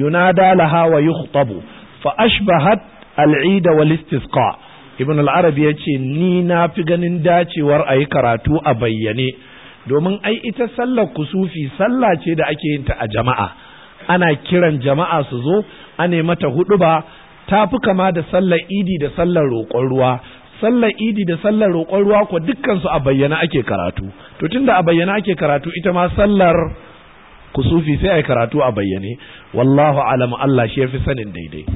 yunada laha wa yukhtabu fa ashbahat al-eid wal istisqa ibn al-arabi yace ni na fi ganin dacewar ayi karatu a bayyane domin ai ita sallar kusufi sallah ce da ake yin ta a jama'a ana kiran jama'a su zo ane mata huduba ba ta fi kama da sallar idi da sallar roƙon ruwa sallar idi da sallar roƙon ruwa ko dukkansu a bayyana ake karatu to tunda a bayyana ake karatu ita ma sallar kusufi sai ai karatu a bayyane wallahu alamu Allah shi ya fi sanin daidai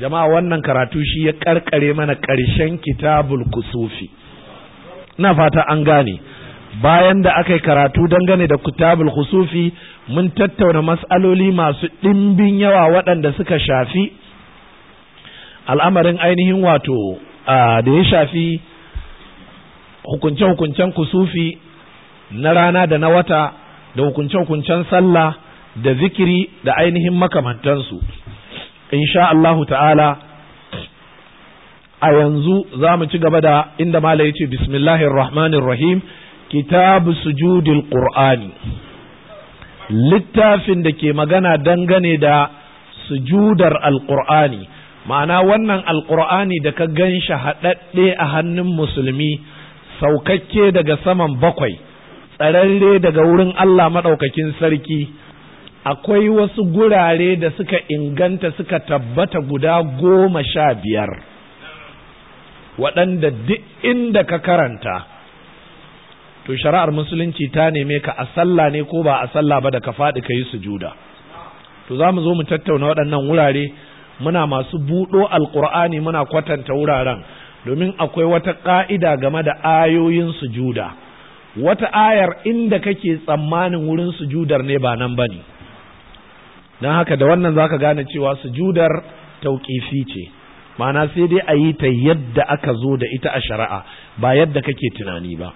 jama'a wannan karatu shi ya karkare mana ƙarshen kitabul kusufi ina fata an gane bayan da aka yi karatu dangane da kitabul kusufi mun tattauna mas'aloli masu ɗimbin yawa waɗanda suka shafi al'amarin ainihin wato da ya shafi hukunce-hukuncen kusufi na rana da na wata da hukunce-hukuncen sallah da zikiri da ainihin makamantansu insha Allahu ta'ala a yanzu za mu ci gaba da inda mala yace ce rahmanir kitabu sujudil qur'ani littafin da ke magana dangane da sujudar alqur'ani ma'ana wannan alkur'ani da ka gan shi haɗaɗɗe a hannun musulmi saukakke daga saman bakwai tsararre daga wurin Allah maɗaukakin sarki akwai wasu gurare da suka inganta suka tabbata guda goma sha biyar waɗanda duk inda ka karanta to shari'ar musulunci ta neme ka a sallah ne ko ba a sallah ba da ka faɗi ka yi sujuda to za mu zo mu tattauna waɗannan wurare muna masu buɗo alƙur'ani muna kwatanta wuraren domin akwai wata ƙa'ida game da ayoyin sujuda wata ayar inda kake tsammanin wurin sujudar ne ba nan ba ne don haka da wannan za ka gane cewa sujudar tauƙifi ce ma'ana sai dai a yi ta yadda aka zo da ita a shari'a ba yadda kake tunani ba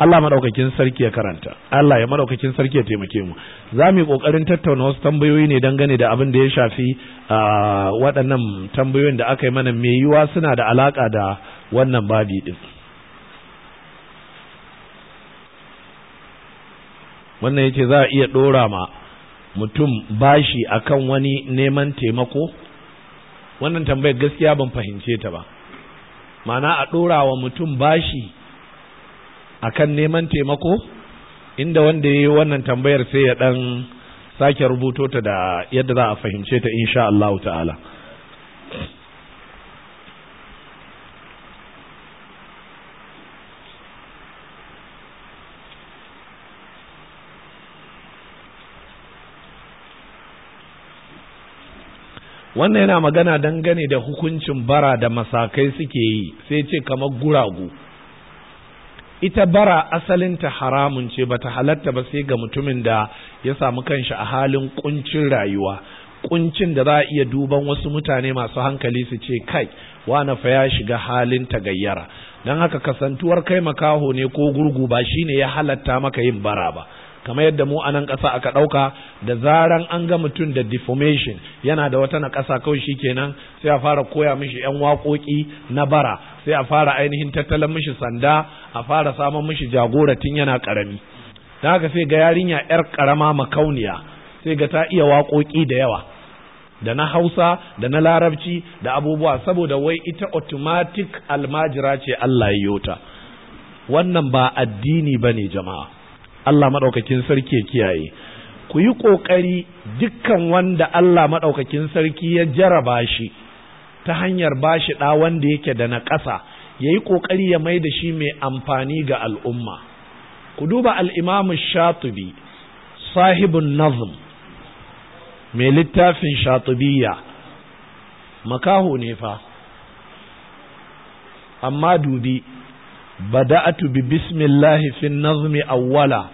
Allah madaukakin sarki ya karanta Allah ya madaukakin sarki ya taimake mu za mu yi kokarin tattauna wasu tambayoyi ne dangane da abin da ya shafi waɗannan tambayoyin da aka yi mana mai yiwa suna da alaka da wannan babi din wannan yace za a iya ɗora ma mutum bashi akan wani neman taimako wannan tambayar gaskiya ban fahimce ta ba ma'ana a ɗora wa mutum bashi akan neman taimako inda wanda yayi wannan tambayar sai ya dan sake rubuto ta da yadda za a fahimce ta insha Allah ta'ala wannan yana magana dangane da hukuncin bara da masakai suke yi sai ce kamar guragu ita bara asalinta haramun ce bata halatta ba sai ga mutumin da ya samu kanshi a halin kuncin rayuwa kuncin da za a iya duban wasu mutane masu hankali su ce kai wana fa ya shiga halin ta gayyara don haka kasantuwar kai makaho ne ko gurgu ba shine ya halatta maka yin bara ba kamar yadda mu anan ƙasa aka ɗauka da zaran an ga mutum da deformation yana da wata naƙasa kawai shi kenan sai a fara koya mishi ‘yan waƙoƙi na bara sai a fara ainihin tattalin mishi sanda a fara samun mishi tun yana ƙarami da haka sai ga yarinya ‘yar ƙarama makauniya sai ga ta iya waƙoƙi da yawa da na hausa da na larabci da abubuwa saboda wai ita automatic almajira ce Allah ya yota wannan ba addini ba ne jama'a Allah maɗaukakin sarki ya kiyaye ku yi ƙoƙari dukkan wanda Allah maɗaukakin sarki ya jaraba shi ta hanyar ba shi ɗa wanda yake da na ƙasa ya yi ƙoƙari ya mai da shi mai amfani ga al'umma ku duba al'imamu shatubi sahibun nazm mai littafin shatubiya makaho ne fa amma dubi بدأت ببسم الله في النظم أولا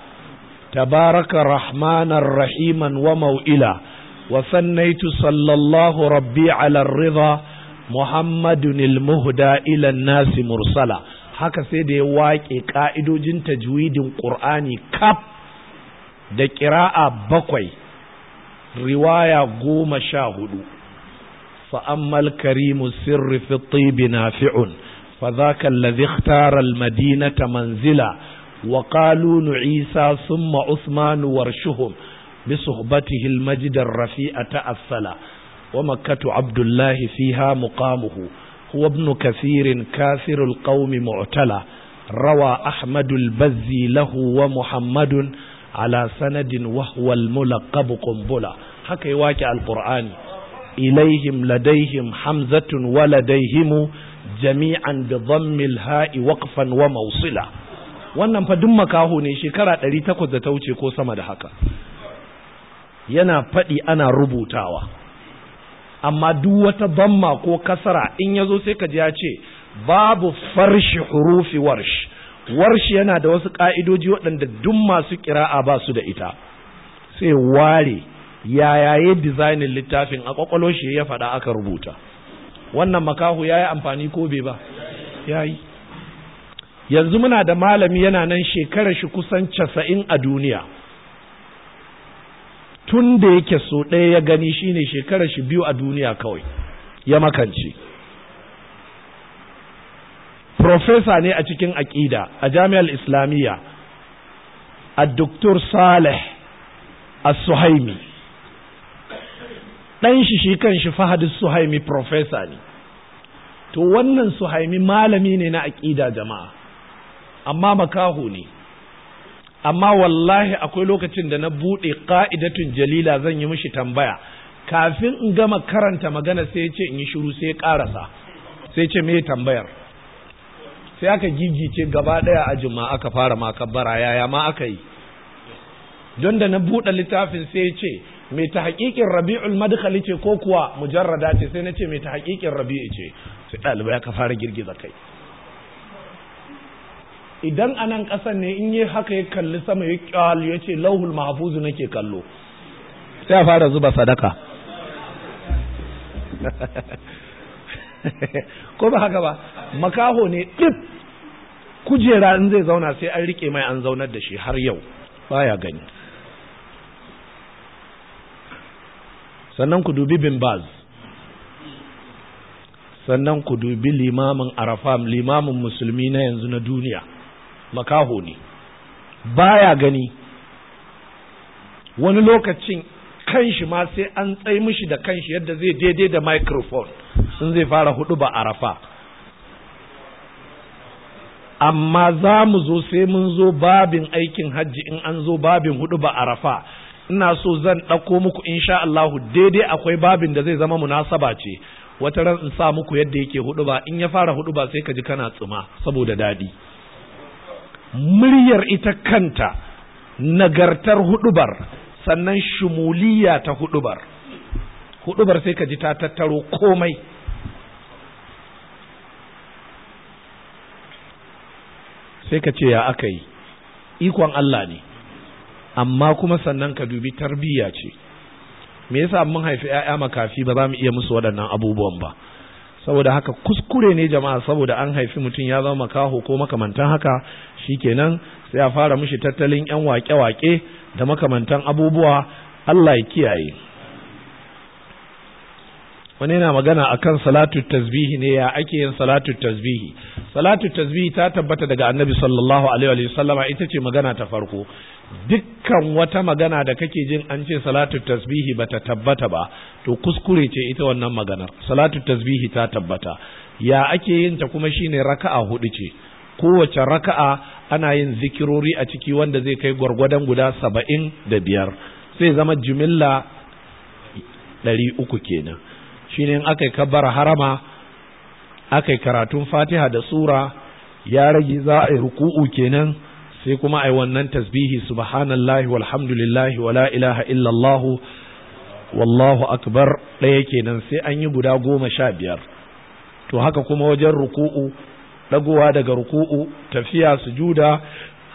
تبارك رحمانا رحيما وموئلا وثنيت صلى الله ربي على الرضا محمد المهدى إلى الناس مرسلا haka sai da ya waƙe ƙa'idojin tajwidin ƙur'ani kaf da ƙira'a bakwai riwaya goma sha hudu fa'ammal karimu sirri fi tibi nafi'un فذاك الذي اختار المدينة منزلا وقالوا نعيسى ثم عثمان ورشهم بصحبته المجد الرفيع تأصلا ومكة عبد الله فيها مقامه هو ابن كثير كافر القوم معتلى روى أحمد البزي له ومحمد على سند وهو الملقب قنبلة حكى واقع القرآن إليهم لديهم حمزة ولديهم jami'an bi dhammil ha'i waqfan wa mawsila wannan fa duk makaho ne shekara 800 da ta wuce ko sama da haka yana faɗi ana rubutawa amma duk wata bamma ko kasara in yazo sai ka ji ya ce babu farshe hurufi warsh warshi yana da wasu ka'idoji waɗanda duk masu kira'a ba su da ita sai ware Yayaye ya littafin a kwakwalo shi ya faɗa aka rubuta wannan makaho ya yi amfani ko bai ba ya yi yanzu muna da malami yana nan shekarar shi kusan casa'in a duniya tun da yake so ɗaya ya gani shine shekarar shi biyu a duniya kawai ya makance Profesa ne a cikin aƙida a jami'ar islamiyya a doktor saleh a suhaimi ɗan shi shi kan shi fahadis suhaimi profesa ne to wannan suhaimi malami ne na aƙida jama'a amma makaho ne amma wallahi akwai lokacin da na buɗe ƙa'idatun jalila zan yi mishi tambaya kafin in gama karanta magana sai ya ce in yi shiru sai ya ƙarasa sai ce me tambayar sai aka gigice gaba ɗaya a jima aka fara makabbara yaya ma aka yi don da na buɗe littafin sai ya ce mai ta haƙiƙin rabi'ul madkhali ce ko kuwa mujarrada ce sai na ce mai ta haƙiƙin rabi'i ce sai ɗalibai aka fara girgiza kai idan anan ƙasan ne in yi haka ya kalli sama ya ƙyal ya ce lauhul mahfuzu nake kallo sai a fara zuba sadaka [laughs] ko ba haka ba makaho ne ɗif kujera in zai zauna sai an riƙe mai an zaunar da shi har yau baya gani sannan ku dubi bin baz sannan ku dubi limamin arafam limamin musulmi na yanzu na duniya makaho ne baya gani wani lokacin kanshi ma sai an tsai mishi da kanshi yadda zai daidai da microphone sun zai fara hudu ba arafa amma za mu zo sai mun zo babin aikin hajji in an zo babin hudu ba arafa ina so zan ɗauko muku insha Allahu daidai akwai babin da zai zama munasaba ce wata ran in sa muku yadda yake huɗuba, in ya fara huɗuba sai ka ji kana tsuma saboda daɗi muryar ita kanta nagartar hudubar sannan shumuliya ta hudubar hudubar sai ka ji ta tattaro komai sai ka ce ya aka yi ikon Allah ne amma kuma sannan ka dubi tarbiyya ce me yasa mun haifi ƴaƴa makafi ba za mu iya musu waɗannan abubuwan ba saboda haka kuskure ne jama'a saboda an haifi mutum ya zama makaho ko makamantan haka shikenan sai a fara mishi tattalin ƴan waƙe wake da makamantan abubuwa Allah ya kiyaye wani yana magana akan salatu tasbihi ne ya ake yin salatu tasbihi salatu tasbihi ta tabbata daga annabi sallallahu alaihi wa sallama ita ce magana ta farko dukkan wata magana da kake jin an ce salatu tasbihi bata tabbata ba to kuskure ce ita wannan maganar salatu tasbihi ta tabbata ya ake yin ta kuma shine raka'a hudu ce kowace raka'a ana yin zikirori a ciki wanda zai kai gwargwadon guda saba'in da biyar sai zama jimilla ɗari uku kenan shine in aka kabbara harama aka karatun fatiha da sura ya rage za a yi ruku'u kenan sai kuma ai wannan tasbihi subhanallahi walhamdulillahi wala ilaha Allah wallahu akbar ɗaya kenan sai an yi guda goma sha biyar to haka kuma wajen ruku'u ɗagowa daga ruku'u tafiya sujuda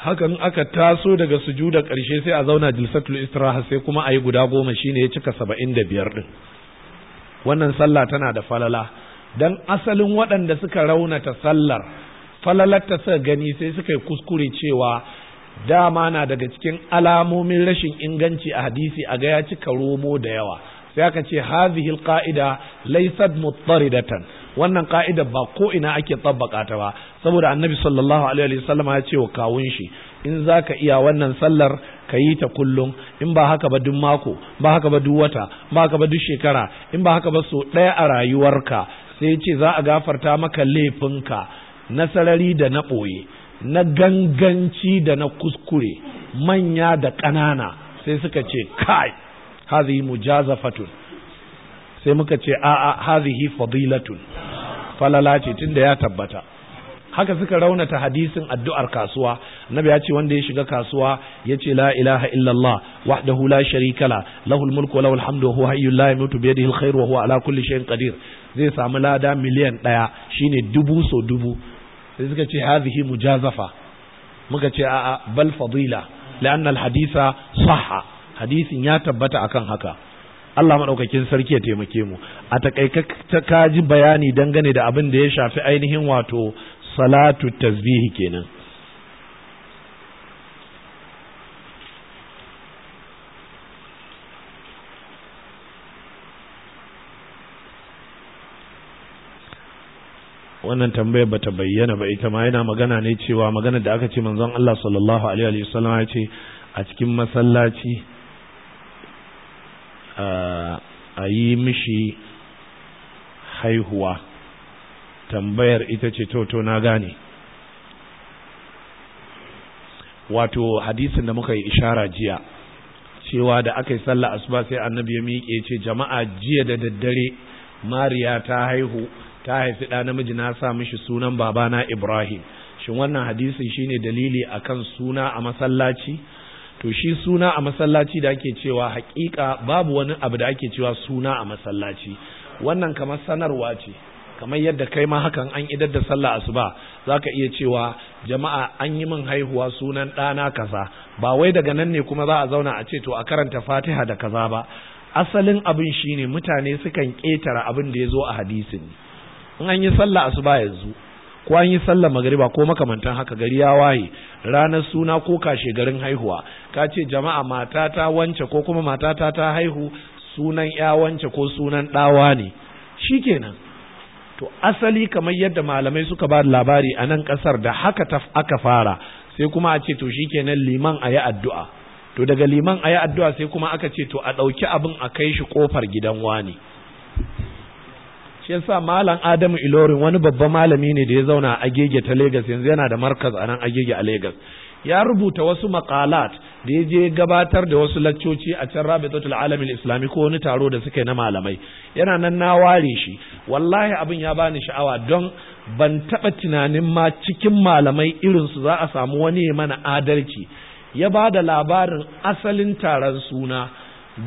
hakan aka taso daga sujuda ƙarshe sai a zauna jilsatul istiraha sai kuma ayi guda goma shine ya cika saba'in da biyar ɗin wannan sallah tana da falala dan asalin waɗanda suka raunata sallar falalarta suka gani sai suka yi kuskure cewa dama na daga cikin alamomin rashin inganci a hadisi a ga ya cika romo da yawa sai aka ce hazihil qa'ida laysat muttaridatan wannan ka'idar ba ko ina ake tabbaka ta ba saboda annabi sallallahu alaihi wa sallam ya ce wa kawun shi in zaka iya wannan sallar ka yi ta kullum in ba haka ba duk mako ba haka ba duk wata ba haka ba duk shekara in ba haka ba so ɗaya a rayuwarka sai ce za a gafarta maka laifinka na sarari da na ɓoye na ganganci da na kuskure manya da ƙanana sai suka ce kai hazihi mujazafatun sai muka ce a'a hazihi fadilatun falala ce tunda ya tabbata haka suka raunata hadisin addu'ar kasuwa annabi ya ce wanda ya shiga kasuwa ya ce la ilaha illallah wahdahu la sharika la lahul mulku wa lahul hamdu wa huwa hayyul la yamutu bi yadihi alkhair wa huwa ala kulli shay'in qadir zai samu lada miliyan daya shine dubu so dubu sai suka ce hadhihi mujazafa muka ce a'a bal fadila la'anna alhadisa saha sahha hadisin ya tabbata akan haka Allah madaukakin sarki ya taimake mu a ka ji bayani dangane da abin da ya shafi ainihin wato salatu tasbihi kenan wannan tambayar ba ta bayyana ba ita ma yana magana ne cewa magana da aka ce manzon Allah sallallahu alaihi wa sallam ya ce a cikin masallaci a yi mishi haihuwa tambayar ita ce to to na gane wato hadisin da muka yi ishara jiya cewa da aka yi sallah asuba sai annabi ya miƙe ce jama'a jiya da daddare mariya ta haihu ta haifi ɗa namiji na sa mishi sunan babana Ibrahim shin wannan hadisin shine dalili akan suna a masallaci to shi suna a masallaci da ake cewa hakika babu wani abu da ake cewa suna a masallaci wannan kamar sanarwa ce kamar yadda kai ma hakan an idar da sallah asuba zaka iya cewa jama'a an yi min haihuwa sunan ɗana kaza ba wai daga nan ne kuma za a zauna a ce to a karanta fatiha da kaza ba asalin abin shine mutane sukan ƙetara abin da ya zo a hadisin in an yi sallah asuba yanzu ko an yi sallah magariba ko makamantan haka gari ya waye ranar suna ko kashe garin haihuwa ka ce jama'a matata wance ko kuma matata ta haihu sunan ya wance ko sunan ɗawa ne shikenan to asali kamar yadda malamai suka ba labari a nan kasar da haka ta aka fara sai kuma a ce to shikenan liman a yi addu'a to daga liman a yi addu'a sai kuma aka ce to a ɗauki abin a kai shi ƙofar gidan wani shi yasa malam Adamu Ilorin wani babban malami ne da ya zauna a Agege ta Legas yanzu yana da markaz a nan Agege a Legas. ya rubuta wasu maqalat da ya je gabatar da wasu laccoci a can Rabitatul alamin Islami ko wani taro da suke na malamai yana nan na ware shi wallahi abin ya bani sha'awa don ban taɓa tunanin ma cikin malamai irin su za a samu wani mana adalci ya ba da labarin asalin taron suna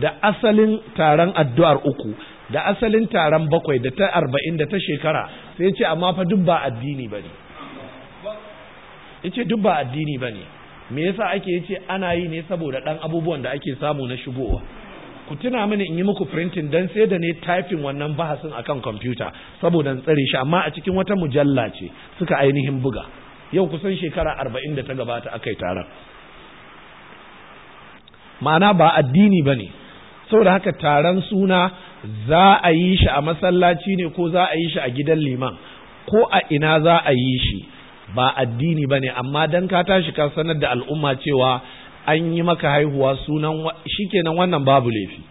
da asalin taron addu'ar uku da asalin taron bakwai da ta arba'in da ta shekara sai ce amma fa dubba addini ba ne ce duk ba addini ba ne me yasa ake ce ana yi ne saboda ɗan abubuwan da ake samu na shigowa ku tuna mini in yi muku printing don sai da ne taifin wannan bahasin akan kwamfuta saboda in tsare shi amma a cikin wata mujalla ce suka ainihin buga yau kusan shekara arba'in da ta gabata aka yi taron ma'ana ba addini ba ne saboda haka taron suna za a yi shi a masallaci ne ko za a yi shi a gidan liman ko a ina za a yi shi ba addini ba ne amma don ka tashi ka sanar da al'umma cewa an yi maka haihuwa sunan shikenan wannan babu laifi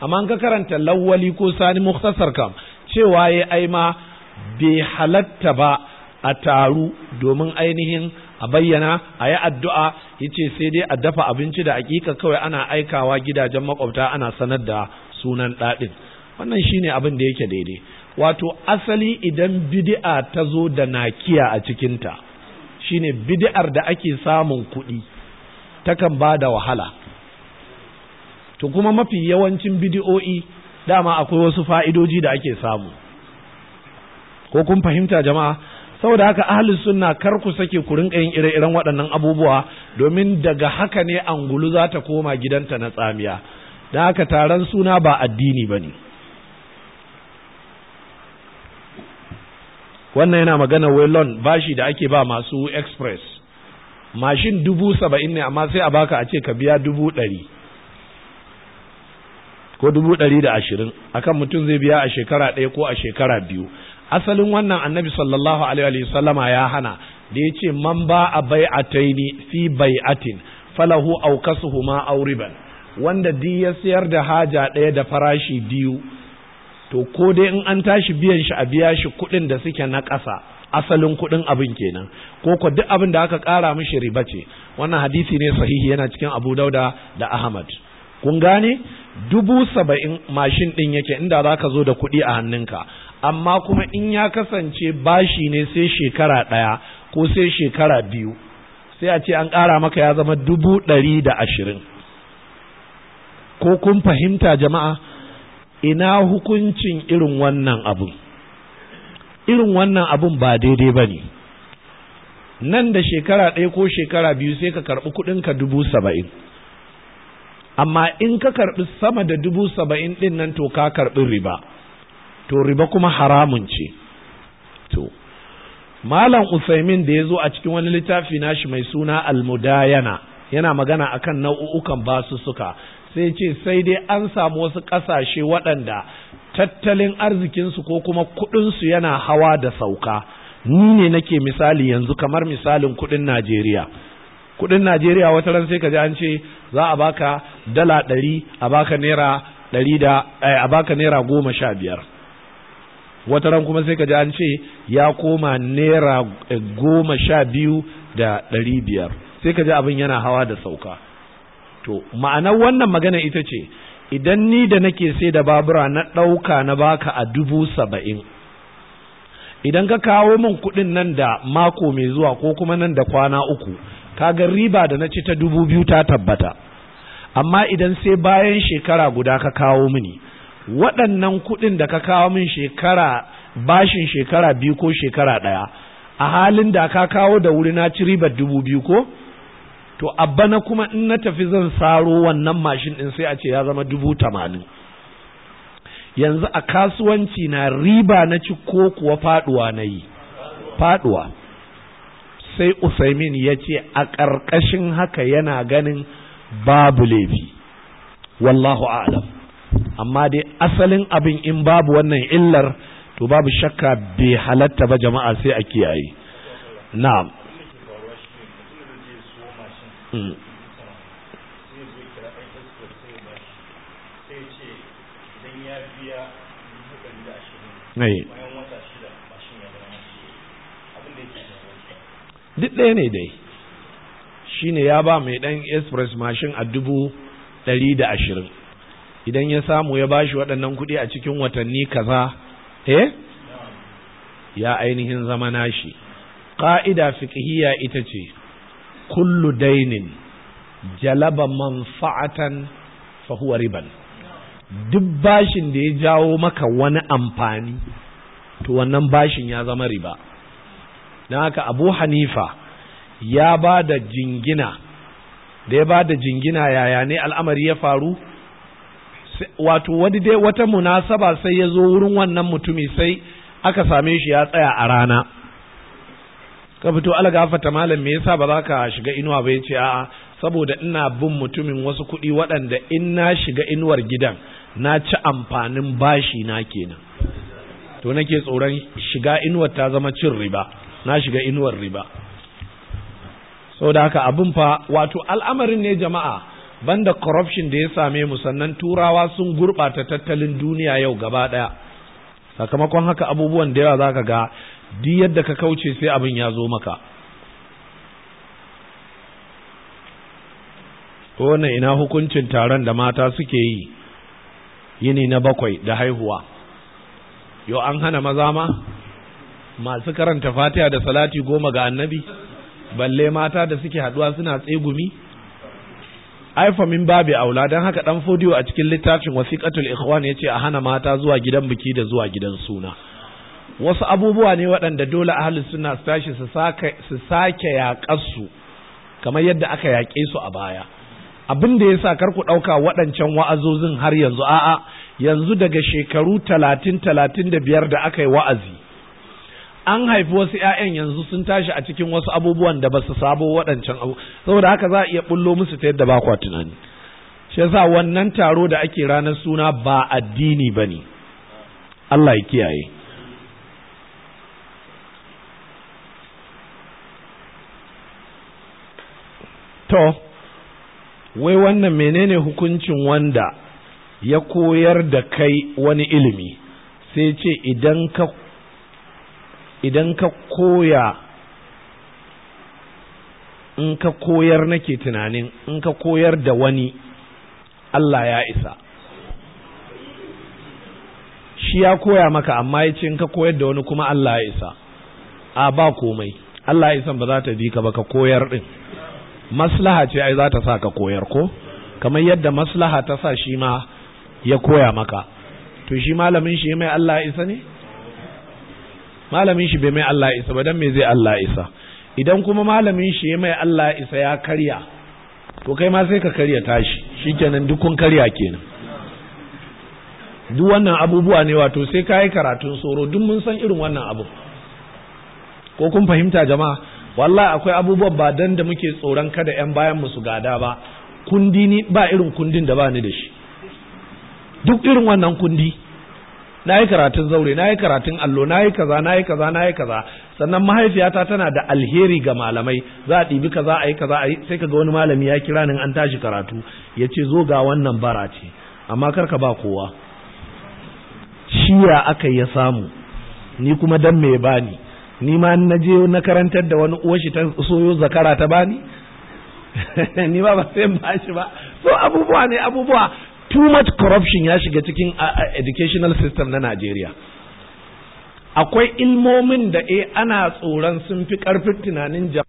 amma ka karanta lawwali ko sani muktasar kam cewa ya aima bai halatta ba a taru domin ainihin a bayyana a yi addu'a yace sai dai a dafa abinci da hakika kawai ana aikawa gidajen makwabta ana sanar da sunan ɗaɗin wannan shine abin da yake daidai wato asali idan bid'a ta zo da nakiya a cikinta shine bid'ar da ake samun kuɗi takan ba da wahala to kuma mafi yawancin bid'o'i dama akwai wasu fa'idoji da ake samu ko kun fahimta jama'a saboda haka ahli sunna kar ku sake ku rinka yin ire-iren waɗannan abubuwa domin daga haka ne angulu za ta koma gidanta na tsamiya Da haka taron suna ba addini ba ne wannan yana magana waylon bashi da ake ba masu express mashin dubu saba'in ne amma sai a baka a ce ka biya dubu ɗari ko dubu ɗari da ashirin akan mutum zai biya a shekara ɗaya ko a shekara biyu asalin wannan annabi sallallahu alaihi wasallama ya hana da ya ce man ba a bai'ataini fi bai'atin falahu ma aw riban wanda di ya sayar da haja ɗaya da farashi biyu to ko dai in an tashi biyan shi a biya shi kuɗin da suke na ƙasa asalin kuɗin abin kenan ko ko duk abin da aka ƙara mishi riba ce wannan hadisi ne sahihi yana cikin Abu Dauda da Ahmad kun gane dubu saba'in mashin ɗin yake inda za ka zo da kuɗi a hannunka amma kuma in ya kasance bashi ne sai shekara ɗaya ko sai shekara biyu sai a ce an ƙara maka ya zama dubu ɗari da ashirin ko kun fahimta jama'a ina hukuncin irin wannan abun irin wannan abun ba daidai ba ne nan da shekara ɗaya ko shekara biyu sai ka karɓi kuɗinka dubu saba'in amma in ka karɓi sama da dubu saba'in ɗin nan to ka karɓi riba to riba kuma haramun ce to malam usaimin da ya zo a cikin wani littafi nashi mai suna almudayana yana magana akan nau'ukan basu suka, sai ce sai dai an samu wasu ƙasashe waɗanda tattalin arzikinsu ko kuma kuɗinsu yana hawa da sauka ni ne nake misali yanzu kamar misalin kuɗin najeriya kuɗin najeriya wata ran sai ka ji an ce za a baka dala ɗari a baka naira ɗari da eh, a baka naira goma sha biyar wata ran kuma sai ka ji an ce ya koma naira eh, goma sha biyu da ɗari biyar sai ka ji abin yana hawa da sauka to ma'anar wannan magana ita ce idan ni da nake sai da babura na ɗauka na baka a dubu saba'in idan ka kawo min kuɗin nan da mako mai zuwa ko kuma nan da kwana uku ka ga riba da na ci ta dubu biyu ta tabbata amma idan sai bayan shekara guda ka kawo mini waɗannan kuɗin da ka kawo min shekara bashin shekara biyu ko shekara ɗaya a halin da ka kawo da wuri na ci ribar dubu biyu ko to a bana kuma in na tafi zan saro wannan mashin ɗin sai a ce ya zama dubu tamanin yanzu a kasuwanci na riba na ci ko kuwa faɗuwa na yi faɗuwa sai usaimin ya ce a ƙarƙashin haka yana ganin babu laifi wallahu a'lam amma dai asalin abin in babu wannan illar to babu shakka bai halatta ba jama'a sai a kiyaye na'am hmm. duk ɗaya ne dai shine ya ba mai ɗan express mashin a dubu ɗari da ashirin idan ya samu ya bashi waɗannan kuɗi a cikin watanni kaza eh ya ainihin zama nashi ƙa'ida fiqhiyya ita ce kullu dainin jalaba manfa'atan fa huwa riban duk bashin da ya jawo maka wani amfani to wannan bashin ya zama riba don haka abu hanifa ya ba da jingina da ya ba da jingina yaya ne al'amari ya faru wato wani dai wata munasaba sai ya zo wurin wannan mutumi sai aka same shi ya tsaya a rana ka fito algafata malam me yasa ba za ka shiga inuwa ba yace a'a saboda ina bin mutumin wasu kuɗi waɗanda in na shiga inuwar gidan na ci amfanin bashi na kenan to nake tsoron shiga inuwar ta zama cin riba na shiga inuwar riba saboda haka abin fa wato al'amarin ne jama'a banda corruption da ya same mu sannan turawa sun gurɓata tattalin duniya yau gaba ɗaya sakamakon haka abubuwan da yawa za ka ga duk yadda ka kauce sai abin ya zo maka wannan ina hukuncin taron da mata suke yi yini na bakwai da haihuwa yau an hana maza ma masu karanta fatiha da salati goma ga annabi balle mata da suke haduwa suna tsegumi ai fa min babi aula dan haka dan fodiyo a cikin littafin wasiqatul ikhwan yace a hana mata zuwa gidan biki da zuwa gidan suna wasu abubuwa ne waɗanda dole ahlus sunna su tashi su sake su sake yaƙar kamar yadda aka yaƙe su a baya abin da yasa kar ku ɗauka waɗancan wa'azozin har yanzu a'a yanzu daga shekaru talatin talatin da biyar da aka yi wa'azi an haifi wasu ‘ya'yan yanzu sun tashi a cikin wasu abubuwan da ba su sabo waɗancan abu saboda haka za a iya ɓullo musu ta yadda ba kwa tunani shi yasa wannan taro da ake ranar suna ba addini ba ne Allah ya kiyaye to wai wannan menene hukuncin wanda ya koyar da kai wani ilimi sai ce idan ka idan ka koya in ka koyar nake tunanin in ka koyar da wani Allah ya isa shi ya koya maka amma ya ce in ka koyar da wani kuma Allah ya isa a ba komai Allah ya isa ba za ta bi ka ba ka koyar din maslaha ce ai za ta sa ka koyar ko kamar yadda maslaha ta sa shi ma ya koya maka to shi malamin shi mai Allah ya isa ne malamin shi bai mai Allah isa ba dan me zai Allah isa idan kuma malamin shi ya mai Allah isa ya karya to kai ma sai ka karya tashi shikenan duk kun karya kenan duk wannan abubuwa ne wato sai ka yi karatun tsoro duk mun san irin wannan abu ko kun fahimta jama'a wallahi akwai abubuwan ba dan da muke tsoron kada yan bayan mu su gada ba kundi ni ba irin kundin da ba ni da shi duk irin wannan kundi na yi karatun zaure na yi karatun allo na yi kaza na yi kaza na yi kaza sannan mahaifiyata tana da alheri ga malamai za a ɗibi kaza a yi kaza a yi sai kaga wani malami ya kira ni an tashi karatu ya ce zo ga wannan bara ce amma kar ka ba kowa shiya aka ya samu ni kuma dan me bani ni ma na je na karantar da wani uwa shi ta soyo zakara ta bani [laughs] ni ba ba sai ba shi ba so abubuwa ne abubuwa too much corruption ya shiga cikin educational system na Najeriya akwai ilmomin da eh ana tsoron sun fi karfin tunanin jama'a